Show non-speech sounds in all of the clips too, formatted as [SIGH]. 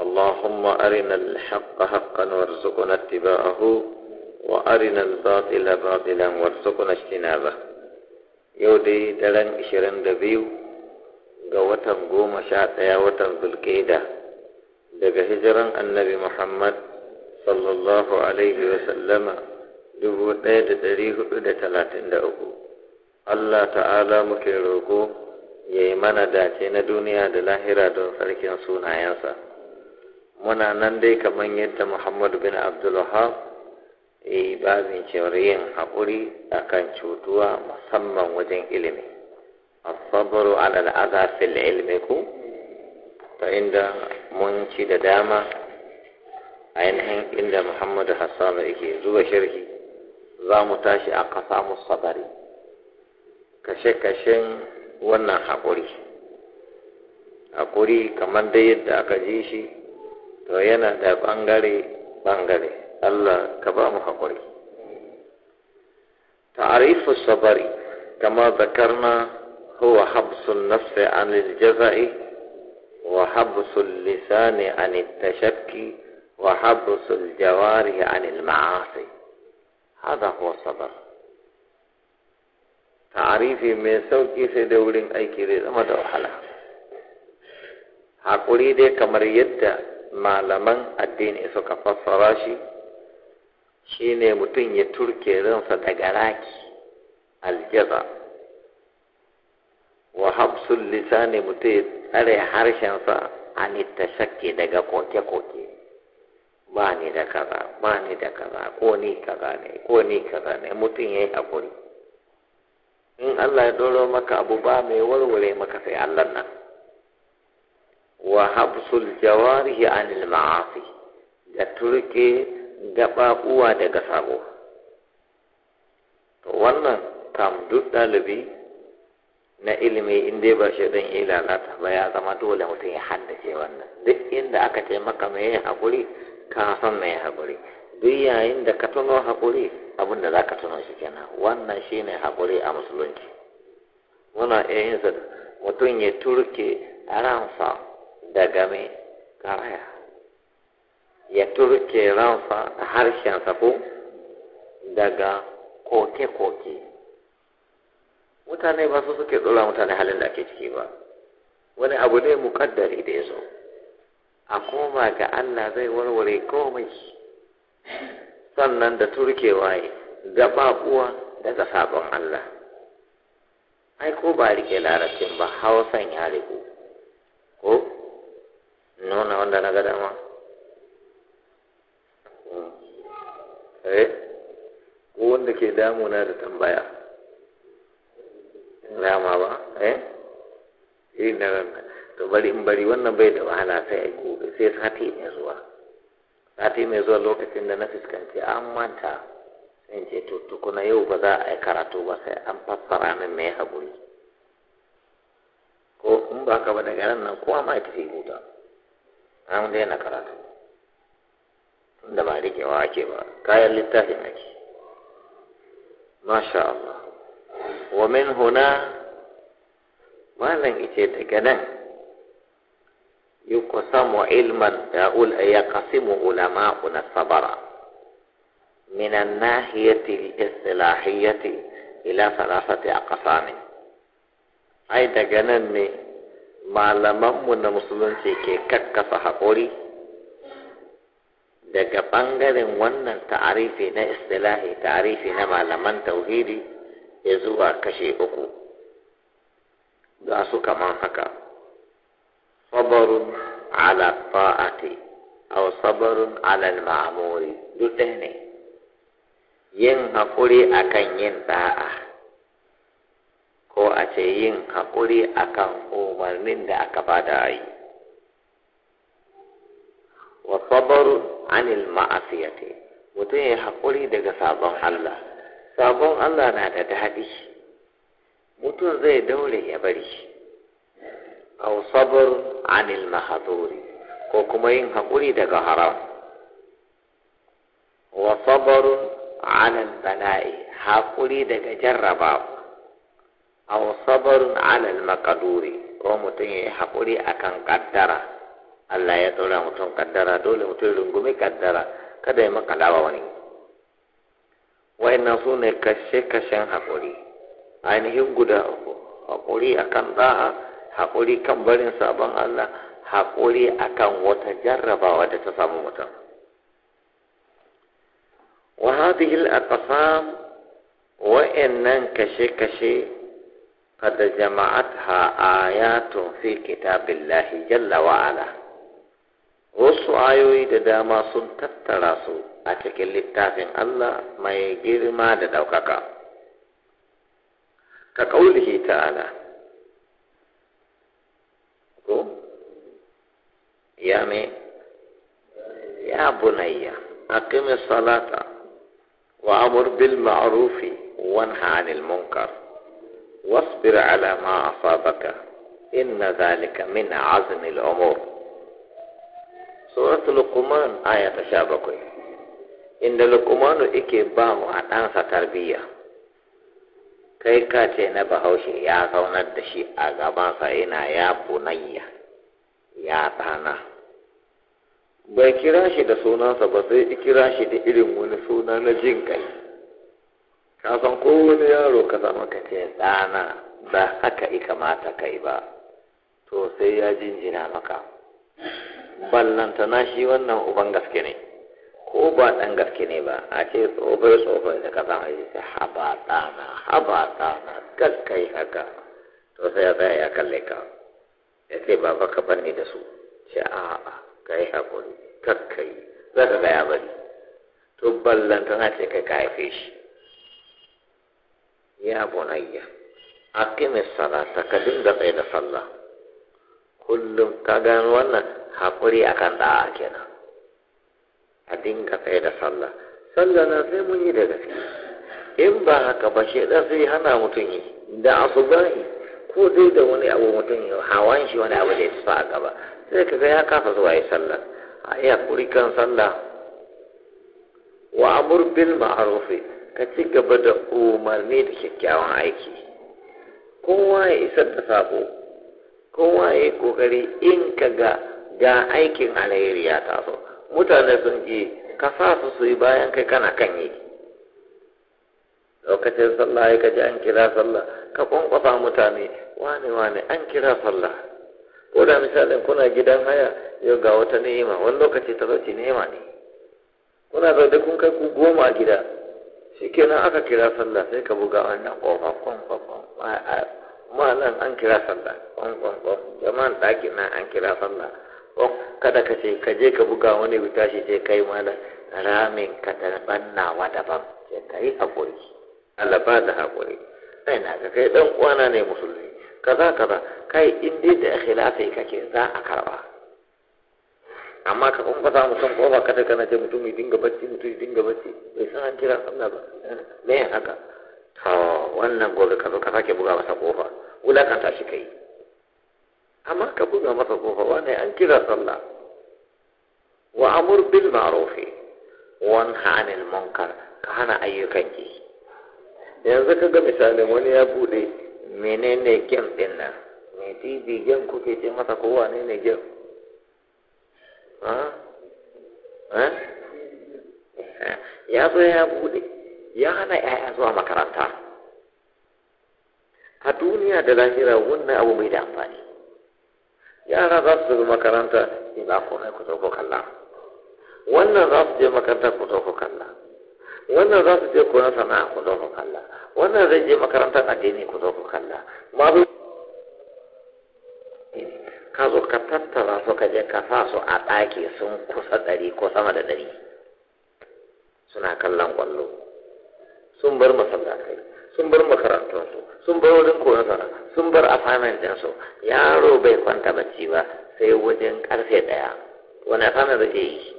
اللهم أرنا الحق حقا وارزقنا اتباعه وأرنا الباطل باطلا وارزقنا اجتنابه يودي دلن إشرين دبيو قوة قوم شاتا وتن بالكيدة daga hijiran annabi Muhammad sallallahu dubu ɗaya da ɗari hudu da talatin da uku. Allah ta'ala muke roƙo ya yi mana dace na duniya da lahira don sarkin sunayensa. muna nan dai kamar yadda Muhammad bin Abdulwahab e ba cewar yin haƙuri a kan cutuwa musamman wajen ilimi. Asabaru ala al'aza fil ilmi ku, ta inda mun ci da dama ainihin inda Muhammadu Hassan yake zuwa shirki za mu tashi a ƙasa sabari. Kashe-kashen wannan haƙuri. Haƙuri kamar da yadda aka ji shi to yana da bangare bangare Allah ka ba mu haƙuri ta'arifu sabari kama zakarna huwa habsun nafsi an jaza'i wa habsul lisani an tashakki wa habsul jawari an ma'asi hada huwa sabar ta'arifi mai sauƙi sai da wurin aiki zai zama da wahala haƙuri dai kamar yadda malaman addini suka fassara shi shine mutum ya turke ransa daga raki aljaza wa habsul lisani mutum ya tsare harshensa an tashakki daga koke-koke ba ni da kaza ba ni da kaza ko ni kaza ne ko ni kaza ne mutum ya yi haƙuri in Allah ya doro maka abu ba mai warware maka sai Allah nan wa habsul jawarihi anil ma'asi da turke gaɓaɓuwa daga sabo to wannan kam duk ɗalibi na ilimi in dai ba shi don yi ta ba ya zama dole mutum ya haddace wannan duk inda aka ce maka mai hakuri ka san mai hakuri duk yayin da ka tuno haƙuri abin da za ka tuno shi kenan wannan shine hakuri a musulunci muna iya yin mutum ya turke ransa daga karaya ya turke ransa da harshensa ko daga koke-koke mutane ba su suke tsora mutane halin da ake ciki ba wani abu ne muƙaddari da ya zo a koma ga Allah zai warware komai sannan da turkewa da babuwa daga sabon Allah ai ko ba rike larabcin ba hausan ya rigu ko nuna wanda na ga dama eh ko wanda ke damuna da tambaya dama ba eh irin eh, na ranar to bari in bari wannan bai da wahala sai ai gobe sai sati mai zuwa sati mai zuwa lokacin da na fuskanci an manta sai ce to tukuna yau ba za a yi karatu ba sai an fassara min mai hakuri, ko in ba ka ba daga nan kowa ma ya tafi huta an daina karatu tunda ba rikewa ake ba kayan littafin ake masha Allah wa min huna malam ita daga nan yuqsamu ilman da'ul yaqsimu ulama'una sabara من الناحية الإصلاحية إلى ثلاثة أقسام أي دجنني malamanmu na musulunci ke kakkasa haƙuri daga ɓangaren wannan ta'arifi na istilahi ta'arifi na malaman tauhidi ya zuwa kashe uku Za su kaman haka sabarun ala fa'ati aw sabarun ala ma'amuri duk ɗaya ne yin haƙuri akan yin da'a ko a ce yin haƙuri akan umarnin da aka bada a yi wa sabaru anil ma'asiyati mutum ya haƙuri daga sabon Allah sabon Allah na da daɗi mutum zai daure ya bari aw sabr anil mahduri ko kuma yin haƙuri daga haram wa sabar anil bala'i haƙuri daga jarrabawa aw sabarun alal makaduri ko mutum ya yi haƙuri akan kaddara Allah ya tsora mutum kaddara dole mutum rungumi kaddara kada ya makalawa wani ina su ne kashe-kashen haƙuri ainihin guda uku haƙuri akan da'a haƙuri kan barin sabon Allah haƙuri akan wata jarrabawa da ta samu mutum wa hadihil al-aqsam wa'annan kashe-kashe قد جمعتها آيات في كتاب الله جل وعلا wasu ayoyi da dama sun tattara su a cikin littafin Allah mai girma da ɗaukaka. Ka ƙaulihi ta'ala, ko? Ya me? Ya bunayya, aqimi salata wa amur bil ma'rufi wan anil munkar. واصبر على ما أصابك إن ذلك من عزم الأمور سورة لقمان آية تشابكوي inda lukumanu ike ba mu a ɗansa tarbiyya kai ka ce na bahaushe ya zaunar da shi a gabansa ina ya bunayya ya ɗana bai kira shi da sunansa ba sai kira shi da irin wani suna na jin kai ka san kowane yaro ka zama ka ce ɗana ba haka i kamata kai ba to sai ya jinjina maka ballanta na shi wannan uban gaske ne ko ba ɗan gaske ne ba a ce tsofai tsofai da ka san aiki haba ɗana haba ɗana gaskai haka to sai ya tsaya ya kalle ka ya ce ba ka bar ni da su ce a'a ka yi haƙuri kakkai za ka gaya ya bari to ballanta na ce kai ka haife shi ya bunayya aqimi salata ka dinga tsaye da sallah kullum ka ga wannan hakuri akan da'a kenan a dinga tsaye da sallah sallah na sai mun yi da gaske in ba haka ba shi da sai hana mutum yi da a su asubahi ko dai da wani abu mutum yi hawan shi wani abu da ya sa a gaba sai ka ga ya kafa zuwa yi sallah a iya kuri kan sallah wa amur bil ma'arufi ka ci gaba da umarni da kyakkyawan aiki kowa ya isar da sako kowa ya yi kokari in ka ga ga aikin alheri ya taso mutane sun ji ka sa su su yi bayan kai kana kan yi lokacin sallah ya kaji an kira sallah ka kwankwasa mutane wane wane an kira sallah ko da misalin kuna gidan haya yau ga wata ni'ima wani lokaci talauci ni'ima ne kuna zaune kun kai ku goma gida shi aka kira sallah sai ka buga wannan ƙofa kwankwankwan malam an kira sallah kwankwankwan jama'an ɗakin nan an kira sallah kada ka ce ka je ka buga wani wuta shi sai kai malam ramin ka tarbannawa daban sai ka yi haƙuri alaba da haƙuri sai na ga kai ɗan uwana ne musulmi kaza kaza kai in dai da khilafi kake za a karɓa amma ka kun fasa mutum ko ba kada kana ce mutum ya dinga bacci mutum ya dinga bacci bai san an kira sanna ba me haka to wannan gobe ka zo ka sake buga masa kofa wulakanta shi kai amma ka buga masa kofa wani an kira sallah wa amur bil ma'ruf wa nha anil munkar ka hana ayyukan ki yanzu ka ga misalin wani ya bude menene gem din nan me tv gem kuke ce masa ko wane ne gem ya zo ya bude ya hana ya zuwa makaranta a duniya da lahira wannan abu mai da amfani yara za su zo makaranta ina akwai ku zo kalla wannan za su je makaranta ku zo kalla wannan za su je koyon sana'a ku zo kalla wannan zai je makarantar addini ku zo kalla ma ka zo ka tattara su ka je ka sa su a ɗaki sun kusa ɗari ko sama da ɗari suna kallon ƙwallo sun bar masallatai sun bar makarantunsu sun bar wajen koyon sun bar assignment ɗinsu yaro bai kwanta bacci ba sai wajen ƙarfe ɗaya wani assignment zai yi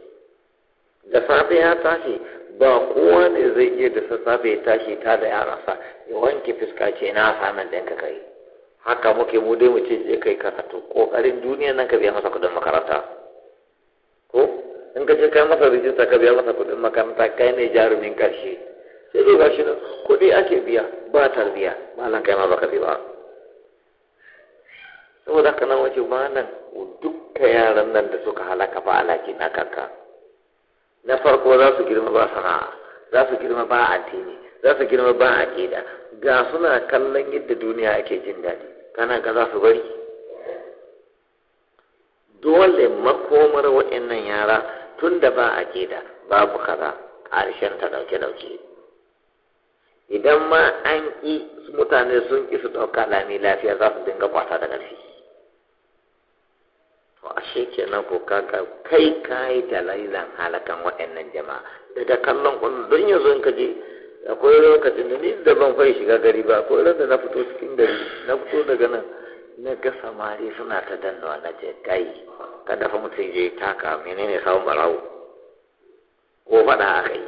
da safe ya tashi ba kowa ne zai iya da sassafe ya tashi ta da yaransa ya wanke fuska ce na assignment ɗinka kai haka muke mu dai mu ce je kai karatu kokarin duniya nan ka biya masa kudin makaranta ko in ka je kai masa rijista ka biya masa kudin makaranta kai ne jarumin karshe sai dai gashi nan kudi ake biya ba tarbiya nan kai ma baka bi ba saboda haka nan wace ba nan dukka yaran nan da suka halaka ba alaki na kanka na farko za su girma ba sana'a za su girma ba addini za su girma ba a ƙida ga suna kallon yadda duniya ake jin daɗi kana ga za su bari dole makomar waɗannan yara tun da ba a ƙida babu kaza harshen ta ɗauke-ɗauke idan ma an ƙi mutane sun ƙi su ɗauka lami lafiya za su dinga kwasa da ƙarfi to ashe kenan ko kaka kai kayi dalilan halakan waɗannan jama'a daga kallon ƙwallo don yanzu in ka je akwai lokacin da ni da ban fai shiga gari ba akwai ran da na fito cikin gari na fito daga nan na ga samari suna ta dannawa na je kai ka dafa mutum je taka menene samun barawo ko faɗa aka yi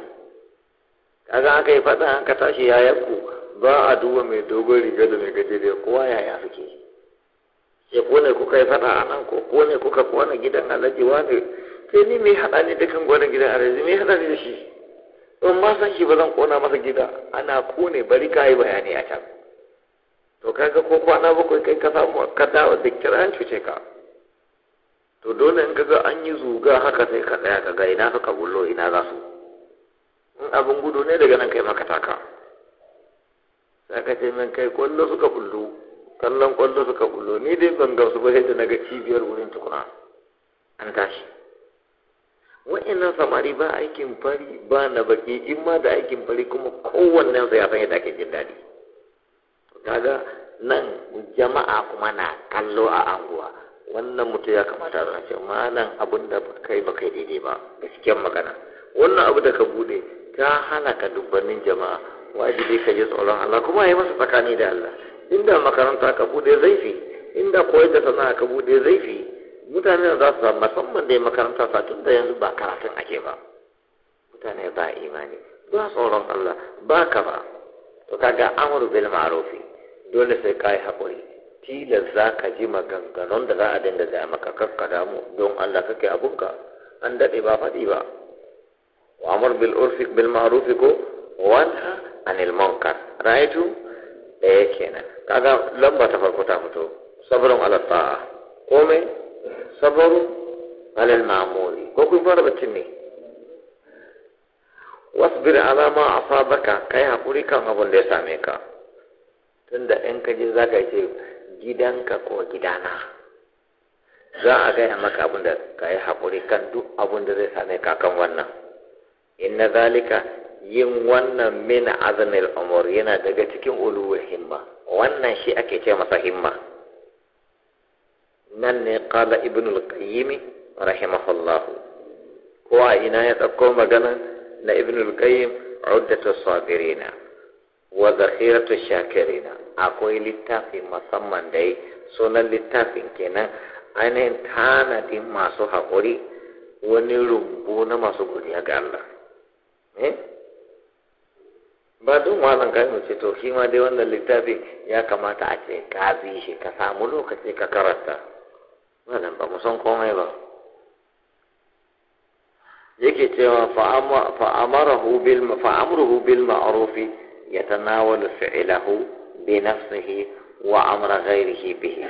kaga aka yi faɗa an ka tashi ya yanku ba a duba mai dogon riga da mai gajere kowa yaya ya suke sai ko ne kuka yi faɗa a nan ko ko ne kuka kona gidan alaji wani sai ni mai haɗa ne dukan gwanin gidan alaji mai haɗa ne da shi in ma san shi ba zan kona masa gida ana kone bari ka yi bayani a can to kaga ko kwana bakwai kai ka samu ka dawo da kiran cuce ka to dole in kaga an yi zuga haka sai ka tsaya kaga ina suka bullo ina za su in abin gudu ne daga nan kai maka taka sai ka ce min kai kwallo suka bullo kallon kwallo suka bullo ni dai ban gamsu ba sai da naga cibiyar wurin tukuna an tashi wa'annan samari ba aikin fari ba na baki in ma da aikin fari kuma kowanne sa ya san yadda ake jin daɗi kaga nan jama'a kuma na kallo a anguwa wannan mutum ya kamata da ce nan abin da kai ba kai daidai ba gaskiyar magana wannan abu da ka bude ta ka dubbanin jama'a wajibi ka ji tsoron Allah kuma yi masa tsakani da Allah inda makaranta ka bude zai fi inda koyar da sana'a ka bude zai fi mutane da za su zama musamman dai makaranta sa tun da yanzu ba karatun ake ba mutane ba imani ba tsoron Allah ba ka ba to kaga amru bil ma'rufi dole sai kai hakuri tila za ka ji maganganun da za a dinga gaya maka kakka damu don Allah kake abunka an daɗe ba faɗi ba wa amr bil urfi bil ma'rufi ko wanha anil munkar raitu da eh, yake nan kaga lamba ta farko ta fito sabrun ala ta'a komai sabaru alal ma'amuri ko kun fara Wasu ne alama a ma asabaka kai hakuri kan abin da ya same ka tunda in ka je zaka ce gidanka ko gidana za a gaya maka abin da ka yi haƙuri kan duk abin da zai same ka kan wannan inna zalika yin wannan mina azmil umur yana daga cikin uluwul himma wannan shi ake ce masa himma nan ne qala ibn al rahimahullah ko a ina ya dauko magana na ibn al-qayyim uddatu sabirina wa zakhiratu shakirina akwai littafi musamman da yi sunan littafin kenan ainihin tanadin masu haƙuri wani rumbu na masu godiya ga Allah eh? ba don wannan kai ce to shi ma dai wannan littafi ya kamata a ce ka bi shi ka samu lokaci ka karanta wannan ba mu komai ba yake cewa fa'amarahu bil fa'amruhu bil ma'ruf yatanawalu fi'lahu bi nafsihi wa amra ghairihi bihi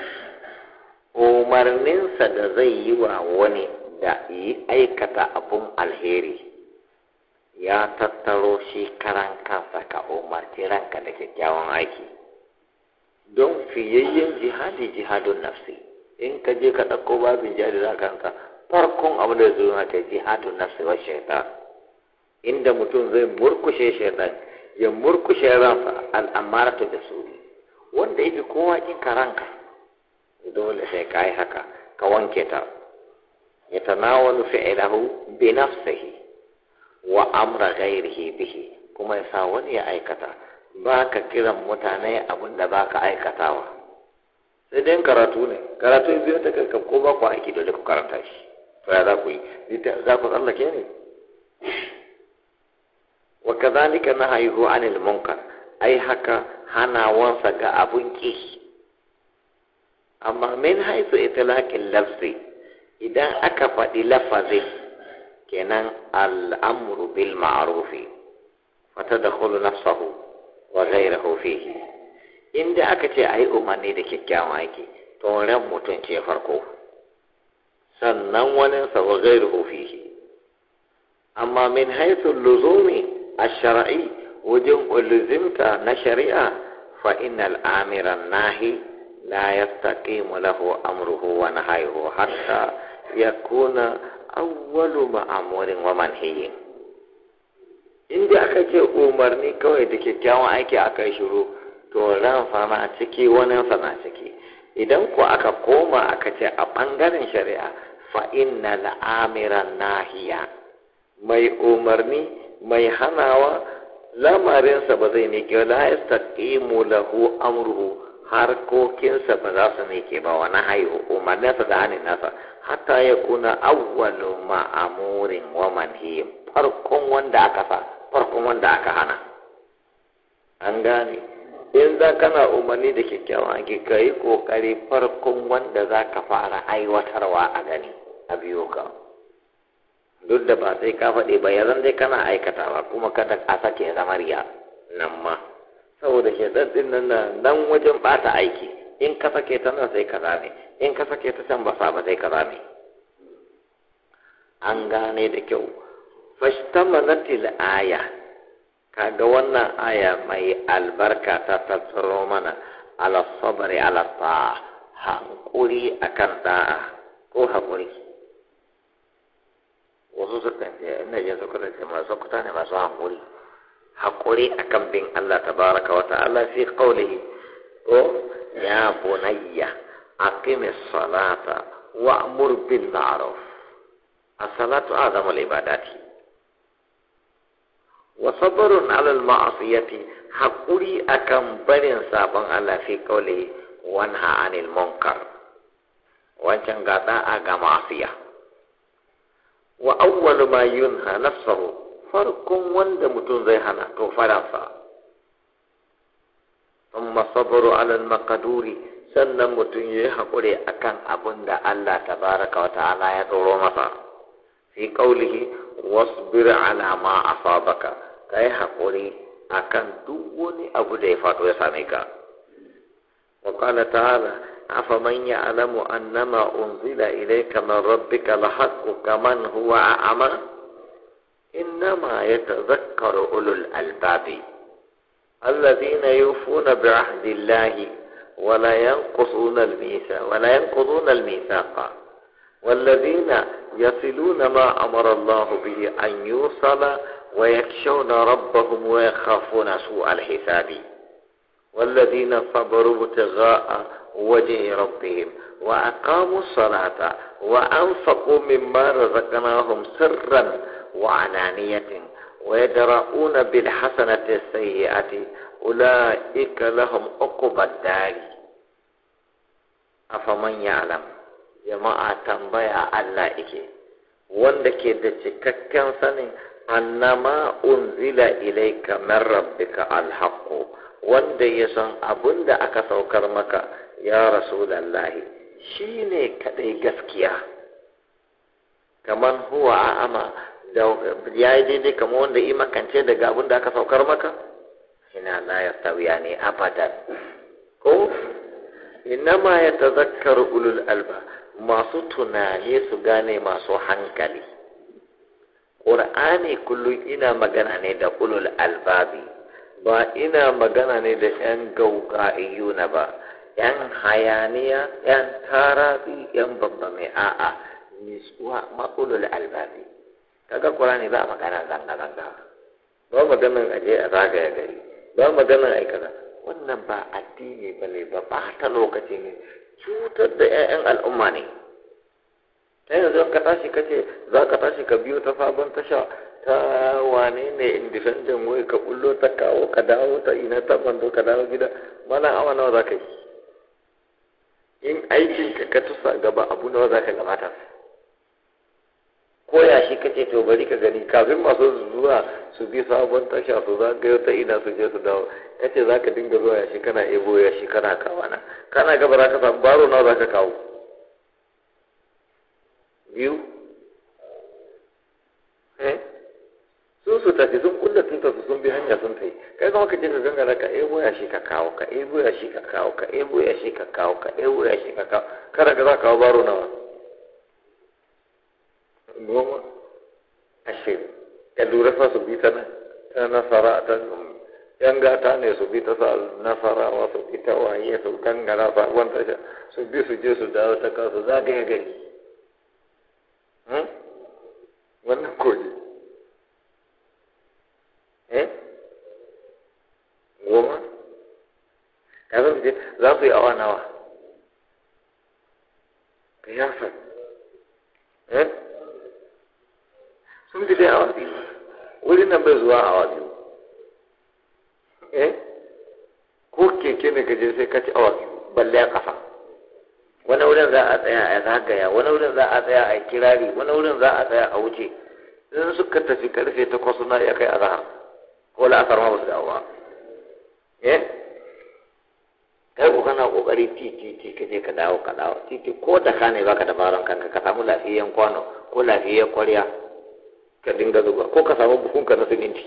umarninsa da zai yi wa wani da yi aikata abun alheri ya tattaro shi karan kansa ka umarci ranka da kyakkyawan aiki don fiyayyen jihadi jihadun nafsi in ka je ka ɗauko babin jari za kanka farkon abu da zuwa mata hatu na wa shaitan inda mutum zai murkushe shaitan ya murkushe ransa al'amara da su wanda yake kowa kin ranka dole sai ka yi haka ka wanke ta ya tanawalu fi'lahu bi nafsihi wa amra ghairihi bihi kuma ya sa wani ya aikata ba ka kiran mutane abin da ba ka aikatawa sai dai karatu ne karatu in biyo ta kankan ko ba ku aiki dole ku karanta shi to ya za ku yi za ku tsallake ne wa kadhalika nahayuhu anil munkar ai haka hanawansa ga abun ki amma min haisu itlaqil lafzi idan aka faɗi lafazi kenan al'amru bil ma'rufi fatadkhulu nafsahu wa ghayrahu fihi inda aka ce a yi umarni da kyakkyawan aiki to ran mutum ce farko sannan wani zai gairu ofihi amma min haisu luzumi a shari'i wajen ulzimta na shari'a fa innal amiran nahi la yastaqimu lahu amruhu wa nahayuhu hatta yakuna awwalu ma'amurin wa manhiyin inda aka ce umarni kawai da kyakkyawan aiki a kai shiru to ran a ciki wani a ciki idan ko aka koma aka ce a ɓangaren shari'a fa inna la'amira nahiya mai umarni mai hanawa lamarinsa ba zai miƙe la yastaqimu lahu amruhu harkokinsa ba za su miƙe ba wani haihu umarninsa da hannun nasa hatta ya kuna awwalu ma'amurin wa manhiyim farkon wanda aka sa farkon wanda aka hana an gane in za kana umarni da kyakkyawa, ki ka yi ƙoƙari farkon wanda za ka fara aiwatarwa a gani a biyo ka duk da ba sai ka faɗi ba yanzu dai kana aikatawa kuma kada a sake zama riya nan ma saboda shaidan ɗin nan nan wajen ta aiki in ka sake ta nan sai ka zame in ka sake ta can ba sa ba sai ka zame an gane da kyau fashtamanatil aya kaga wannan aya mai albarka ta tattaro mana ala sabari ala ta hankuri akan da'a ko hankuri wasu sukan ce ina jin su kuna ce masu kuta ne masu hankuri a akan bin Allah ta baraka wata Allah fi qawlihi ko ya bunayya kime salata wa'mur Bin ma'ruf A salatu a'zamu al-ibadati wa sabarun alal ma'asiyati hakuri akan barin sabon Allah fi kaule wanha anil munkar wancan ga a ga ma'asiya wa awwalu ma yunha nafsuhu farkon wanda mutum zai hana to faransa amma sabaru alal maqduri sannan mutum yayi hakuri akan abin da Allah baraka wa ta'ala ya tsoro masa fi wasu wasbir ala ma asabaka kaya hakuni akan a ni abu da ya faɗo ya same ka wa qala ta'ala afaman ya'lamu annama unzila ilayka min rabbika lahaqqu kaman huwa a'ma innama yatadhakkaru ulul albabi الذين يوفون بعهد الله ولا ينقضون الميثاق ولا ينقضون الميثاق والذين يصلون ما أمر الله به أن يوصل ويخشون ربهم ويخافون سوء الحساب والذين صبروا ابتغاء وجه ربهم وأقاموا الصلاة وأنفقوا مما رزقناهم سرا وعلانية ويدرؤون بالحسنة السيئة أولئك لهم عقبى الدار أفمن يعلم جماعة تنبيع الله إكي wanda ke da cikakken sanin annama unzila ilaika min rabbika alhaqqu wanda ya san abin da aka saukar maka ya rasulallahi shi ne kaɗai gaskiya kamar huwa a ama da ya yi daidai kamar wanda yi makance daga abin da aka saukar maka ina na ya sauya ne abadan ko ma ya tazakkar ulul alba masu tunani su gane masu hankali ƙur'ani kullum ina magana ne da ulul albabi ba ina magana ne da ‘yan gauga'iyyuna ba ‘yan hayaniya ‘yan tarabi ‘yan babba mai a'a nisuwa ma'ulul albabi kaga ƙur'ani ba magana zanga-zanga ba a aje a zagaya gari ba magana yi aikata wannan ba addini ba ne ba ba ta lokaci ne cutar da ‘ya'yan al'umma ne sai yanzu ka tashi ka ce za ka tashi ka biyo ta sabon tasha ta wane ne indifendan wai ka bullo ta kawo ka dawo ta ina ta bando ka dawo gida mana awa nawa za ka yi in aikin ka ka tusa gaba abu nawa za ka gabata ko ya shi ka ce to bari ka gani kafin masu zuwa su bi sabon tasha su za ga ta ina su je su dawo kace za ka dinga zuwa ya shi kana ebo ya shi kana kawana kana gaba za ka samu baro nawa za ka kawo biyu eh? sun su tafi sun kulla sun tafi sun bi hanya sun yi kai kuma ka je ka gangara ka ebo ya shi ka kawo ka ebo ya shi ka kawo ka ebo ya shi ka kawo ka ebo ya shi ka kawo kada ka za kawo baro nawa goma ashe ya lura fa su bi ta na ta nasara ta yan gata ne su bi ta sa nasarawa su bi ta waye su gangara ba wanda su bi su je su dawo ta su kasu yi gani Hmm? wannan koyi hmm? goma kafin ce za su yi awa nawa ka yi yasa hmm? sun fi dai awa biyu wurin nan bai zuwa awa biyu ko keke ne gaje sai ka ci awa biyu balle a kafa wani wurin za a tsaya a zagaya wani wurin za a tsaya a kirari wani wurin za a tsaya a wuce in suka tafi karfe takwas na ya kai azhar ko la'asar ma ba su dawo ba eh kai ku kana kokari titi titi ka je ka dawo ka dawo titi ko da kane ne baka dabaran kanka ka samu lafiyayyen kwano ko lafiyayyen kwarya ka dinga zuba ko ka samu bukunka na siminti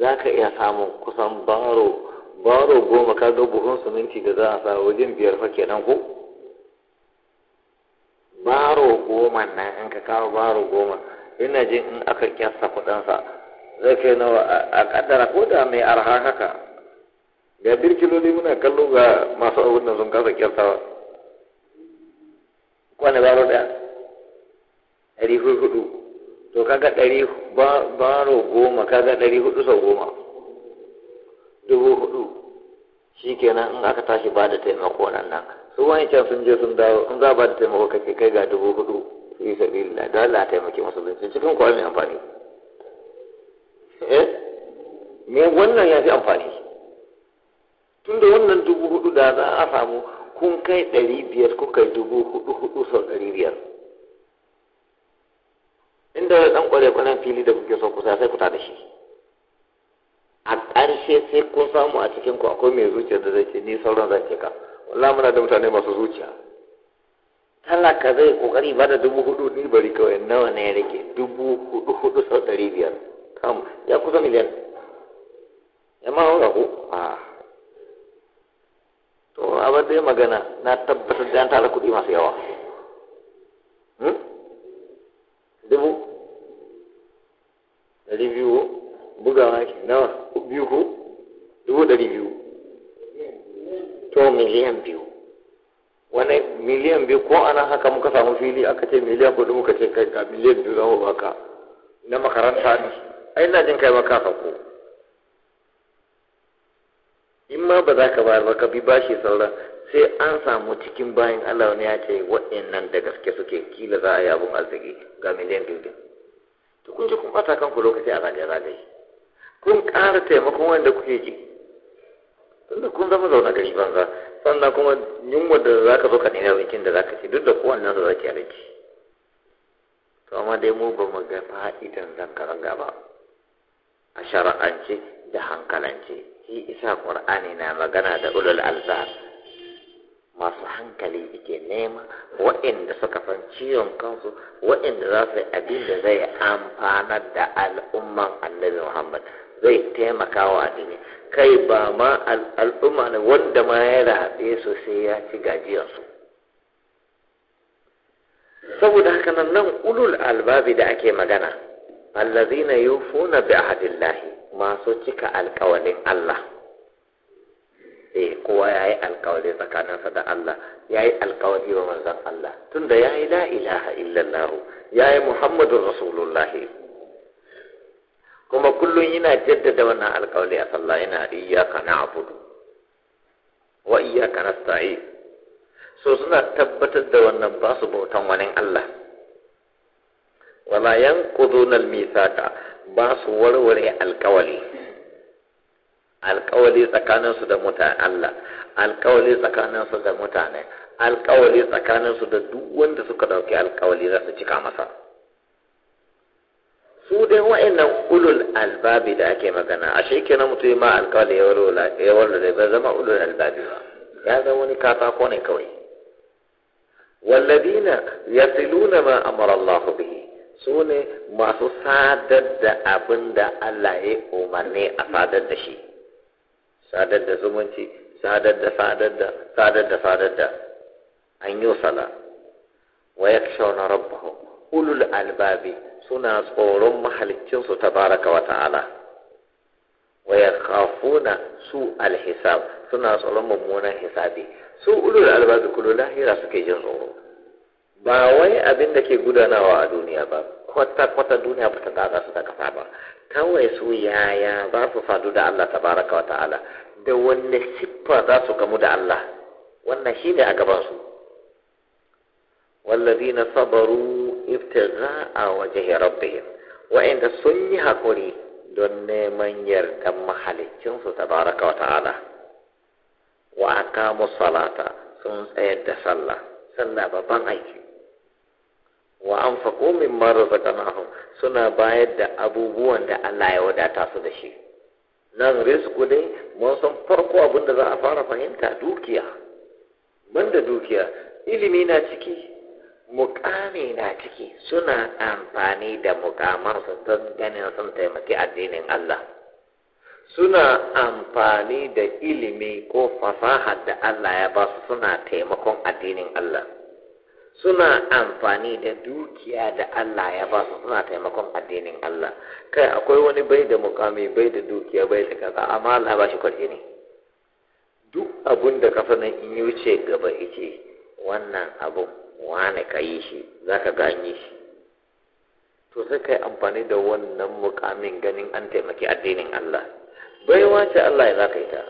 za ka iya samun kusan baro baro goma ka ga buhun siminti da za a sa wajen biyar fa kenan ko baro goma nan in ka kawo baro goma ina jin in aka kyasta kudansa zai kai nawa a kaddara ko da mai arha haka ga birkiloli muna kallo ga masu abin da sun kasa kyasta kwane baro daya. ɗari hudu to kaga ɗari baro goma kaga ɗari hudu sau goma shikenan in aka tashi ba da taimako nan nan su wani can sun je sun dawo in za ba da taimako kake kai ga dubu hudu fi sabilillah da Allah taimake musulunci cikin kwa mai amfani eh me wannan ya fi amfani tunda wannan dubu hudu da za a samu kun kai ɗari biyar ko kai dubu hudu hudu sau ɗari biyar inda ɗan ƙware ƙwanan fili da kuke so kusa sai ku ta da shi a ƙarshe sai kun samu a cikin ku akwai mai zuciya da zai ce ni sauran zan ce ka wallahi muna da mutane masu zuciya talaka zai kokari ba da dubu hudu ni bari kawai nawa ne ya rike dubu hudu hudu sau dari biyar kam ya kusa miliyan ya ma hura ku a to abin da ya magana na tabbatar da an tara kuɗi masu yawa hmm? dubu dari biyu bugawa ke nawa biyu ko dubu ɗari biyu to miliyan biyu wani miliyan biyu ko ana haka muka samu fili aka ce miliyan kuɗi muka ce kai ga miliyan biyu zamu baka na makaranta ne ai ina jin kai ba ka ko in ma ba za ka bayar ba ka bi bashi sauran sai an samu cikin bayan Allah ne ya ce waɗannan da gaske suke kila za a yi abun arziki ga miliyan biyu din to kun ji kun ɓata kanku lokaci a zagaye zagaye kun ƙara taimakon wanda kuke ji tunda kun zama zauna gari banza sannan kuma yunwa da za ka zo ka nemi abincin da za ka ci duk da kowannen da za ki alaji to amma dai mu ba mu ga fa'idan zanga-zanga ba a shara'ance da hankalance shi isa ƙur'ani na magana da ulul alzar masu hankali ke nema waɗanda suka san ciwon kansu waɗanda za su yi abin da zai amfanar da al'umman annabi muhammad zai taimakawa ɗini kai ba ma al'umma ne wanda ma ya rabe su sai ya ci gajiyarsu saboda haka nan nan ulul albabi da ake magana allazina yufuna bi ahadillahi masu cika alkawalin Allah eh kowa yayi alkawari tsakaninsa da Allah yayi alkawari wa manzon Allah tunda yayi la ilaha illallah yayi muhammadur rasulullahi kuma kullum yana jaddada wannan alkawali a sallah yana iyyaka na'budu wa iyyaka nasta'in so suna tabbatar da wannan ba su bautan wani Allah wala yanquduna al-mithaqa ba su warware alkawali alkawali tsakaninsu da mutane Allah alkawali tsakaninsu da mutane alkawali tsakaninsu da duk wanda suka dauki alkawali za su cika masa su dai wa'annan ulul albabi da ake magana a na mutum ma alkawali ya warware ba zama ulul albabi ba ya zama wani katako ne kawai wallazina yasiluna ma amara Allah bihi su ne masu sadar da abin da Allah ya umarni a sadar da shi sadar da zumunci sadar da sadar da sadar da sadar da an yi sala wa yakshawna rabbahum ulul albabi suna tsoron mahalicinsu ta baraka wa ta'ala wa su alhisab suna tsoron mummunan hisabi su da albabi kullu lahira suke jin tsoro ba wai abin da ke gudanawa a duniya ba kwata kwata duniya ba ta daga su da ba kawai su yaya za su fadu da Allah ta baraka wa ta'ala da wanne siffa za su gamu da Allah wannan shine a gabansu wallazina sabaru a wajhi rabbihim wa'inda sun yi haƙuri don neman yardan mahalicinsu su tabaraka wa ta'ala wa aqamu salata sun tsayar da sallah sallah babban aiki wa anfaqu mimma razaqnahum suna bayar da abubuwan da Allah ya wadata su da shi nan rizqu dai mun san farko abin da za a fara fahimta dukiya banda dukiya ilimi na ciki mukami na ciki suna amfani da mukamansu don ganin sun taimaki addinin Allah suna amfani da ilimi ko fasaha da Allah ya ba su suna taimakon addinin Allah suna amfani da dukiya da Allah ya ba su suna taimakon addinin Allah kai akwai wani bai da mukami bai da dukiya bai da kaza amma Allah ba shi kwarje ne duk abun da kafa nan in yi wuce gaba ice wannan abun wane ka yi shi za ka gani shi to sai ka yi amfani da wannan mukamin ganin an taimaki addinin Allah baiwa ce Allah ya za yi ta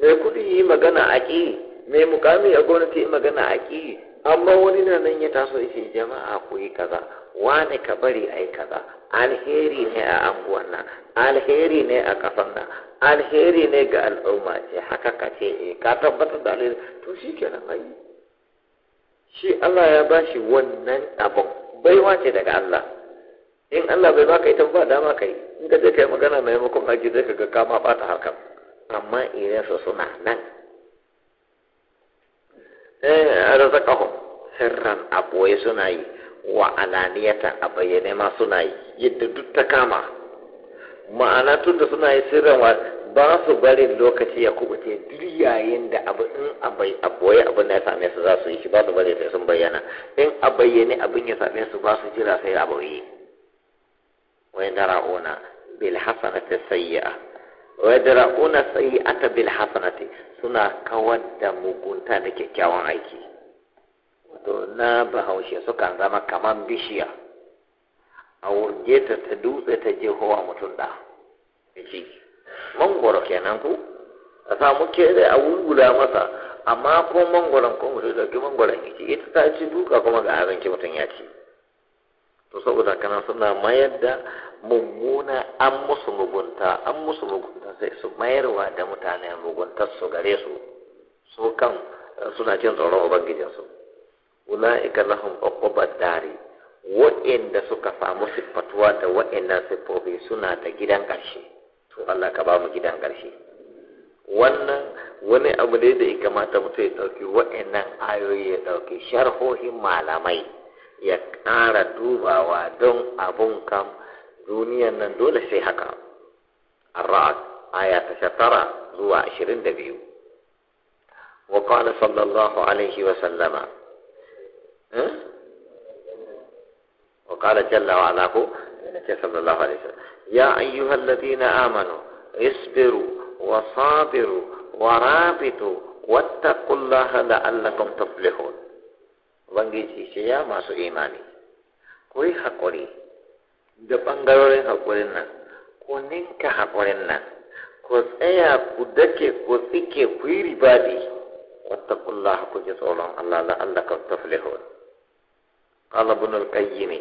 mai kuɗi yi magana a ƙi mai mukami a gwamnati yi magana a ƙi amma wani na nan ya taso ce jama'a ku yi kaza wane ka bari a yi kaza alheri ne a anguwan nan alheri ne a kafan nan alheri ne ga al'umma ce haka ka ce eh, ka tabbatar da alheri to shi kenan ayi shi Allah ya bashi wannan abun baiwa ce daga Allah in Allah bai baka ita ba dama kai in ka je kai magana maimakon haji zai ga kama bata hakan amma idan su suna nan eh razaqahum sirran aboye suna yi wa alaniyatan a bayyane ma suna yi yadda duk ta kama ma'ana tunda suna yi sirran wa ba su barin lokaci ya kubuce duk yayin da abu in abai aboye abin da ya same su za su yi shi ba su bari sai sun bayyana in a bayyane abin ya same su ba su jira sai a Wai da ra'una, bil hasanati sayyi'a wa yadra'una sayyi'ata bil hasanati suna kawar da mugunta da kyakkyawan aiki wato na bahaushe suka zama kamar bishiya a wurge ta ta dutse ta je howa mutum da shi mangoro kenan ku a samu kere a wulwula masa amma ko mangoron ko mutum ke mangoron ya ce, ita ta ci duka kuma ga abinci mutum ya ci to saboda kana suna mayar da mummuna an musu mugunta an musu mugunta sai su mayarwa da mutane muguntar su gare su su kan suna cin tsoron ubangijinsu ula'ika lahum uqubad dari wa'inda suka samu siffatuwa da wa'innan siffofi suna ta gidan ƙarshe to Allah ka ba mu gidan ƙarshe wannan wani abu ne da ya kamata mutum ya ɗauki wa'annan ayoyi ya ɗauki sharhohin malamai ya ƙara dubawa don abun kam duniyan nan dole sai haka ar aya ta shatara zuwa ashirin da biyu wa qala sallallahu alaihi wa sallama eh? wa qala jalla wa ala ko sallallahu alaihi wa يا أيها الذين آمنوا اصبروا وصابروا ورابطوا واتقوا الله لعلكم تفلحون Ubangiji ce ya masu imani, ku yi haƙuri, da bangarorin haƙurin nan, ku ninka haƙurin nan, ku tsaya ku dake ku tsike ku yi ribadi, wattakullaha ku ji tsoron Allah la'allakum tuflihun. Qala ibn al-Qayyim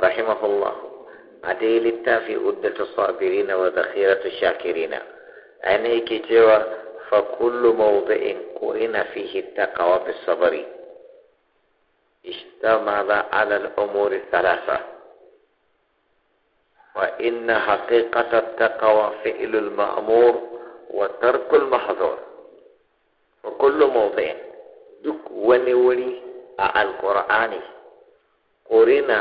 rahimahullahu a littafi uddatus sabirina wa zakhiratu shakirina ainihin yake cewa fa kullu mawdi'in qurina fihi taqwa bis sabri اشتمل على الأمور الثلاثة وإن حقيقة التقوى فعل المأمور وترك المحظور وكل موضع دك ونوري القرآن قرنا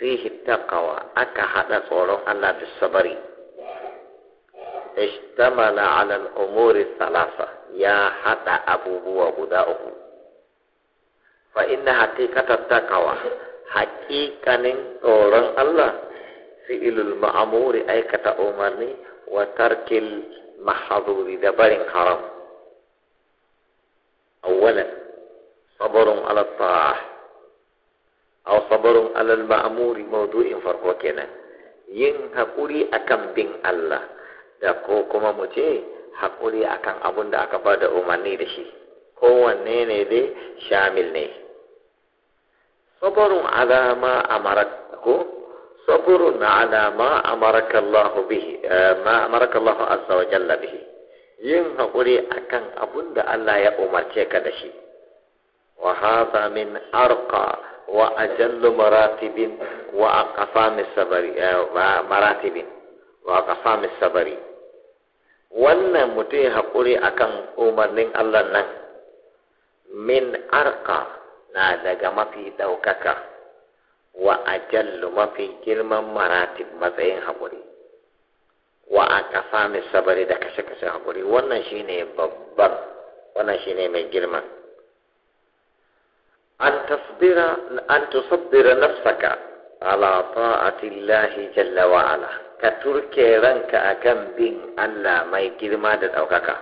fihi taqwa aka hada tsoron Allah da sabari ishtamala ala al-umuri salasa ya hada abubuwa guda uku fa inna haqiqata takawa haqiqanin tsoron Allah fi'ilul ma'amuri aikata umarni wa tarkil mahaduri da barin haram awwalan sabrun ala ta'ah aw sabarun alal ma'amuri maudu'in farko kenan yin haƙuri akan bin Allah da ko kuma mu ce haƙuri akan abun da aka bada umarni da shi kowanne ne dai shamil ne sabarun alama amarat ko sabarun alama amaraka Allah bihi eh, ma amaraka Allah azza wa jalla bihi yin hakuri akan abun da Allah ya umarce ka da shi wa hadha min arqa wa ajallu maratibin wa aqsami sabari eh, maratibin wa aqsami sabari wannan mutum hakuri akan umarnin Allah nan min arqa na daga mafi ɗaukaka wa ajallu mafi girman maratib matsayin hakuri wa aqsami sabari da kashe-kashe hakuri wannan shine babban wannan shine mai girman An tusubira na faka. Alaifaa a tillahi jallawa Ka turke ranka akan bin Allah mai girma da ɗaukaka.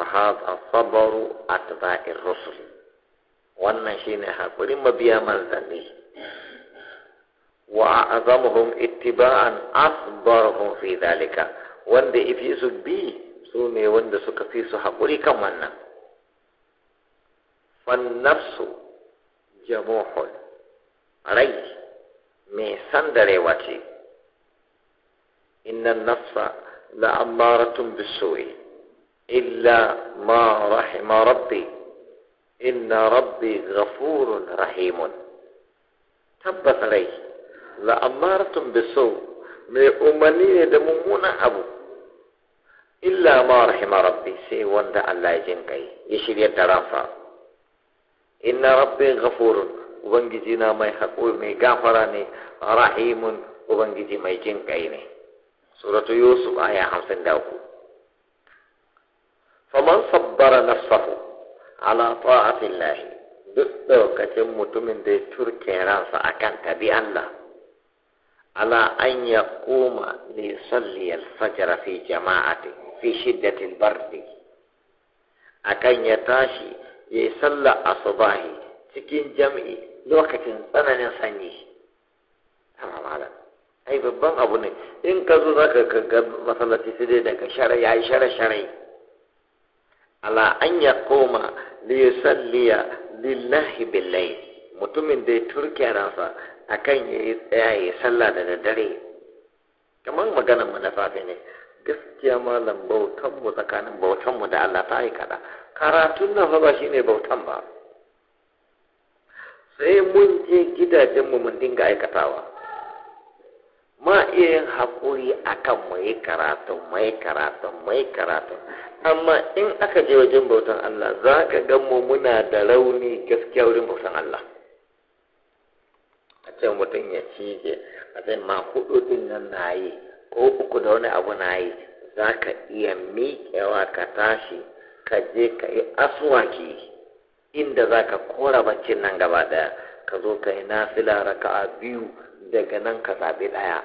Ahad a sabaru atabarurusus. Wannan shi ne haƙurin mabiya man zane. Wa azama hurum itti ba an asibar hurum fiye da Wanda in fi su bi so ne wanda suka fi su haƙuri kan wannan. fannafsu jamuhul rai mai sandarewa ce innan nafsa la'ammaratun bisoyi illa ma rahima rabbi inna rabbi ghafurun rahimun tabbas rai la'ammaratun biso mai umarni ne da mummunan abu illa ma rahima rabbi sai wanda Allah ya jin kai ya shirya da ranfa inna rabbi ghafurun ubangiji na mai haƙuri mai gafara ne rahimun ubangiji mai jin ƙai ne suratu yusuf aya hamsin da uku faman sabbara nafsahu ala lahi duk ɗaukacin mutumin da ya turke ransa akan tabi Allah ala an ya koma ne salliyar jama'a fi jama'ati fi shiddatin bardi akan ya tashi yayi sallah a asubahi cikin jam'i lokacin tsananin sanyi amma malam ai babban abu ne in ka zo zaka ka ga masallaci sai dai daga shara yayi yi shara sharai ala an ya koma li ya lillahi billahi mutumin da ya turke ransa akan yayi yi tsaya yayi sallah da daddare kamar maganar mu na safe ne gaskiya malam bautan mu tsakanin bautan mu da Allah ta yi kada karatun nan ba shine bautan ba sai mun je gidajen mu mun dinga aikatawa ma iya hakuri akan mu yi karatu mai karatu mai karatu amma in aka je wajen bautan Allah za ka gan mu muna da rauni gaskiya wurin bautan Allah a ce mutum ya cije a zai ma hudu din nan na yi ko uku da wani abu na yi za ka iya miƙewa ka tashi ka je ka yi aswaki inda za ka kora baccin nan gaba daya ka zo ka yi nafila a biyu daga nan ka zaɓi ɗaya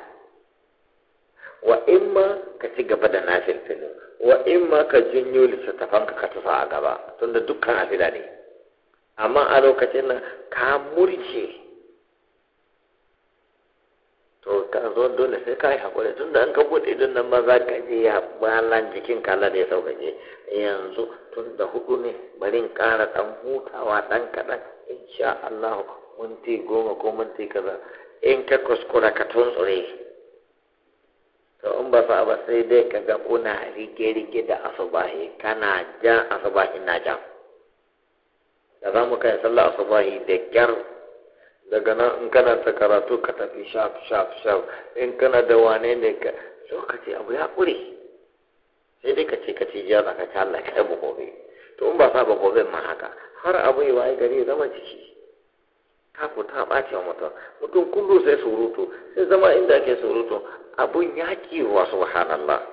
wa imma ka ci gaba da nafilfilin wa imma ka janyo littattafanka ka tufa a gaba tunda dukkan nafila ne amma a lokacin nan ka murce to ka zo dole sai ka yi haƙuri tun da an ka buɗe idan nan ma za ka je ya balan jikin kala da ya sauƙaƙe yanzu tun da hudu ne bari in ƙara ɗan hutawa ɗan kaɗan insha Allah minti goma ko minti kaza in ka kuskura ka tuntsure to in ba ba sai dai ka ga kuna rike-rike da asubahi kana ja asubahi na ja da za mu kai sallah asubahi da kyar daga nan in kana ta karatu ka tafi shaf shaf shaf in kana da wane ne ka so ka ce abu ya ƙure sai dai ka ce ka ce jiya ka ci Allah kai bukobe to in ba sa bukobe ma haka har abu yi wai gari zama ciki ta ku ta ɓace wa mutum mutum kullu sai surutu sai zama inda ake surutu abun ya kiwa subhanallah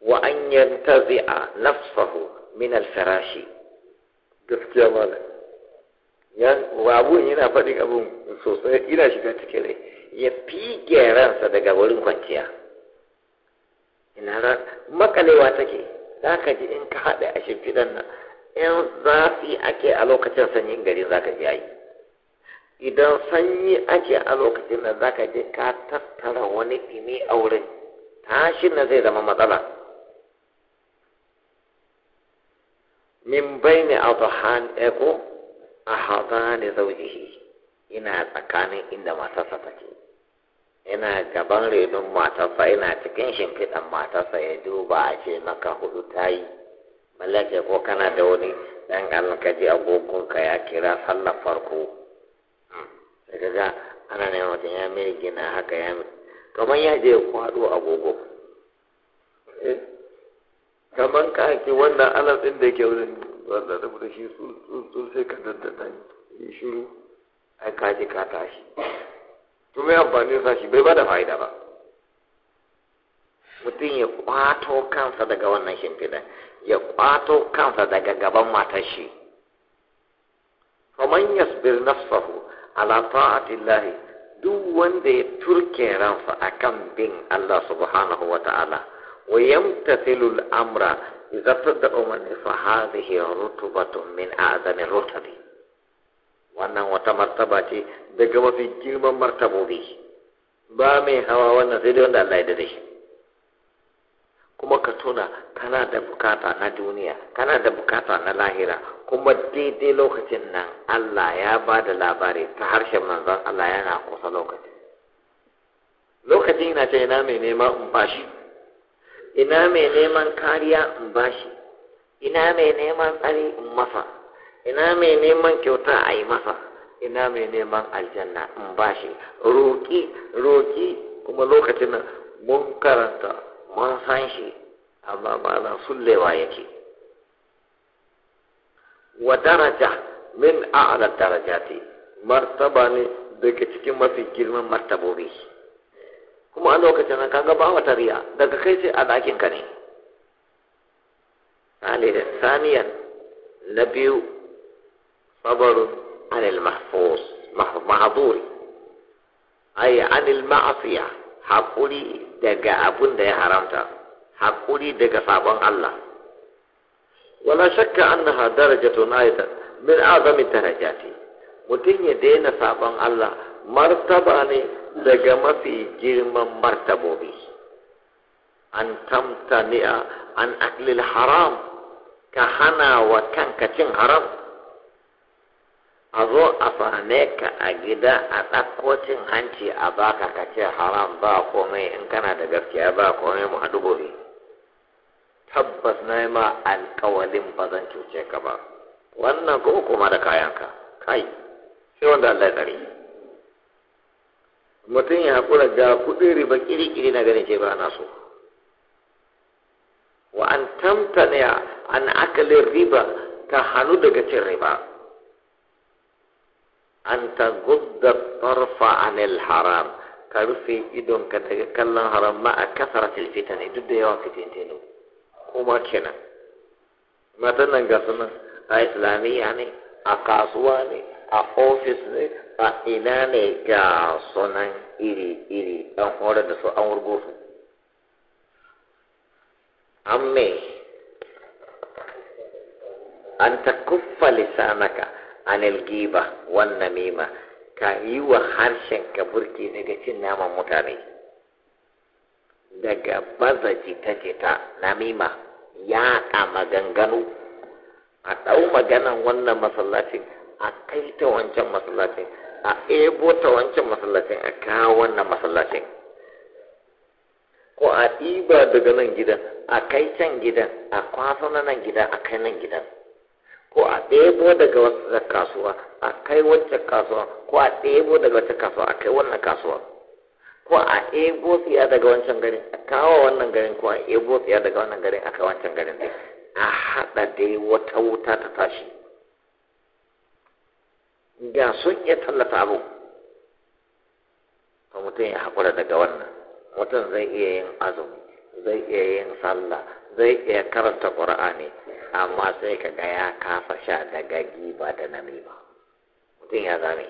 wa an yantazi'a nafsahu min al-firashi gaskiya malam ya wabun yana faɗin abun sosai ina shiga cikin rai ya fige ransa daga wurin kwanciya ina makalewa take za ka ji in ka haɗa a shimfiɗan nan in zafi ake a lokacin sanyin gari za ka ji yi idan sanyi ake a lokacin da za ka je ka tattara wani ɗimi a wurin tashin na zai zama matsala min bai ne a eko. Eh a haza da ina tsakanin inda matarsa take ina gaban renon matarsa ina cikin shimfiɗan matarsa ya duba a ce maka hudu ta yi mallake ko kana da wani ɗan allah ka agogonka ya kira sallar farko Da ka ga ana neman mutum ya mai gina haka ya kamar ya je kwado agogo kamar kaki wannan alas ɗin da ke wurin wanda rabu da shi tsuntsun sai ka daddata yi shiru ai ka je ka tashi to mai amfani sa shi bai ba da fa'ida ba mutum ya kwato kansa daga wannan shimfiɗa ya kwato kansa daga gaban matar shi faman yasbir nafsahu ala ta'atillahi duk wanda ya turke ransa akan bin Allah subhanahu wa ta'ala wa yamtathilu al-amra إذا صدق مني فهذه رتبة من أعظم الرتب وأنا وتمرتبتي دقوا في جلب مرتبو به بامي هوا وانا سيدي وانا لا يدري kuma ka tuna kana da bukata na duniya kana da bukata na lahira kuma daidai lokacin nan Allah ya ba da labari ta harshen manzon Allah yana kusa lokacin lokacin yana ce yana mai nema in bashi ina mai neman kariya in bashi ina mai neman tsari in masa ina mai neman kyauta a yi masa ina mai neman aljanna in bashi roƙi roƙi kuma lokacin nan mun karanta mun san shi amma ba na sullewa yake wa daraja min a'la darajati martaba ne daga cikin mafi girman martabobi kuma a lokacin nan kaga ba wata riya daga kai sai a dakin ka ne alilin saniyan na biyu sabarun anil mahfuz mahzuri ay anil ma'asiya hakuri daga abun da ya haramta hakuri daga sabon Allah wala shakka annaha darajatun ayatan min azami darajati mutum ya daina sabon Allah martaba ne daga mafi girman martabobi an tamta ni'a an aklil haram ka hana wa kanka cin haram a zo a fane ka a gida a ɗauko cin hanci a baka ka ce haram ba komai in kana da gaskiya ba komai mu haɗu gobe tabbas na yi ma alƙawalin ba zan cuce ka ba wannan ko kuma da kayanka kai sai wanda Allah ya mutum ya haƙura ga kuɗin riba ƙiri-ƙiri na ganin ce ba na so wa an tamtana an akalin riba ta hannu daga cin riba an ta gudda tarfa anil haram ka rufe ka daga kallon haram ma a kasara filfita ne duk da yawan fitintinu kuma kenan matan nan ga sunan a islamiyya ne a kasuwa ne a ofis ne a ina ne ga sunan iri-iri don horar da su an wurgo su an me an ta kuffa lisanaka anil giba wannan mima ka yi wa harshen ka burki daga cin naman mutane daga baza jita-jita na mima ya maganganu a ɗau maganan wannan masallacin a kai ta wancan masallacin a ebo ta wancan masallacin a kawo wannan masallacin ko a ɗiba daga nan gidan a kai can gidan a kwaso na nan gidan a kai nan gidan ko a ɗebo daga wata kasuwa a kai wancan kasuwa ko a ɗebo daga wata kasuwa a kai wannan kasuwa ko a Ebo siya daga wancan garin a kawo wannan garin ko a Ebo siya daga wannan garin a kai wancan garin a haɗa dai wata wuta ta tashi ga sun iya tallata abu to mutum ya haƙura daga wannan mutum zai iya yin azumi zai iya yin sallah zai iya karanta ƙur'ani amma sai ka ga ya kafa sha daga giba da namima mutum ya zame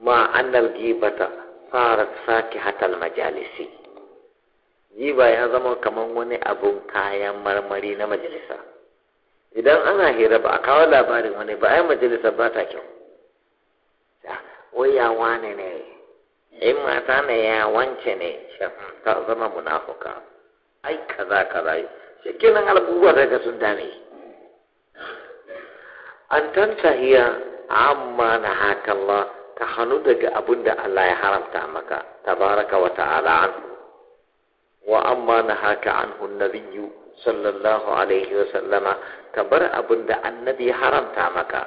ma annal gibata fara sake hatal majalisi giba ya zama kamar wani abun kayan marmari na majalisa idan ana hira ba a kawo labarin wani ba ai majalisar ba ta kyau wai ya wane ne in mata ne ya wance ne ta zama munafuka ai kaza kaza shi kenan albubuwa daga sun dame an hiya amma na hakalla ta hannu daga abin da Allah ya haramta maka tabaraka wa ta'ala an wa amma na haka an nabiyyu sallallahu alaihi wa sallama ka bar abin da annabi ya haramta maka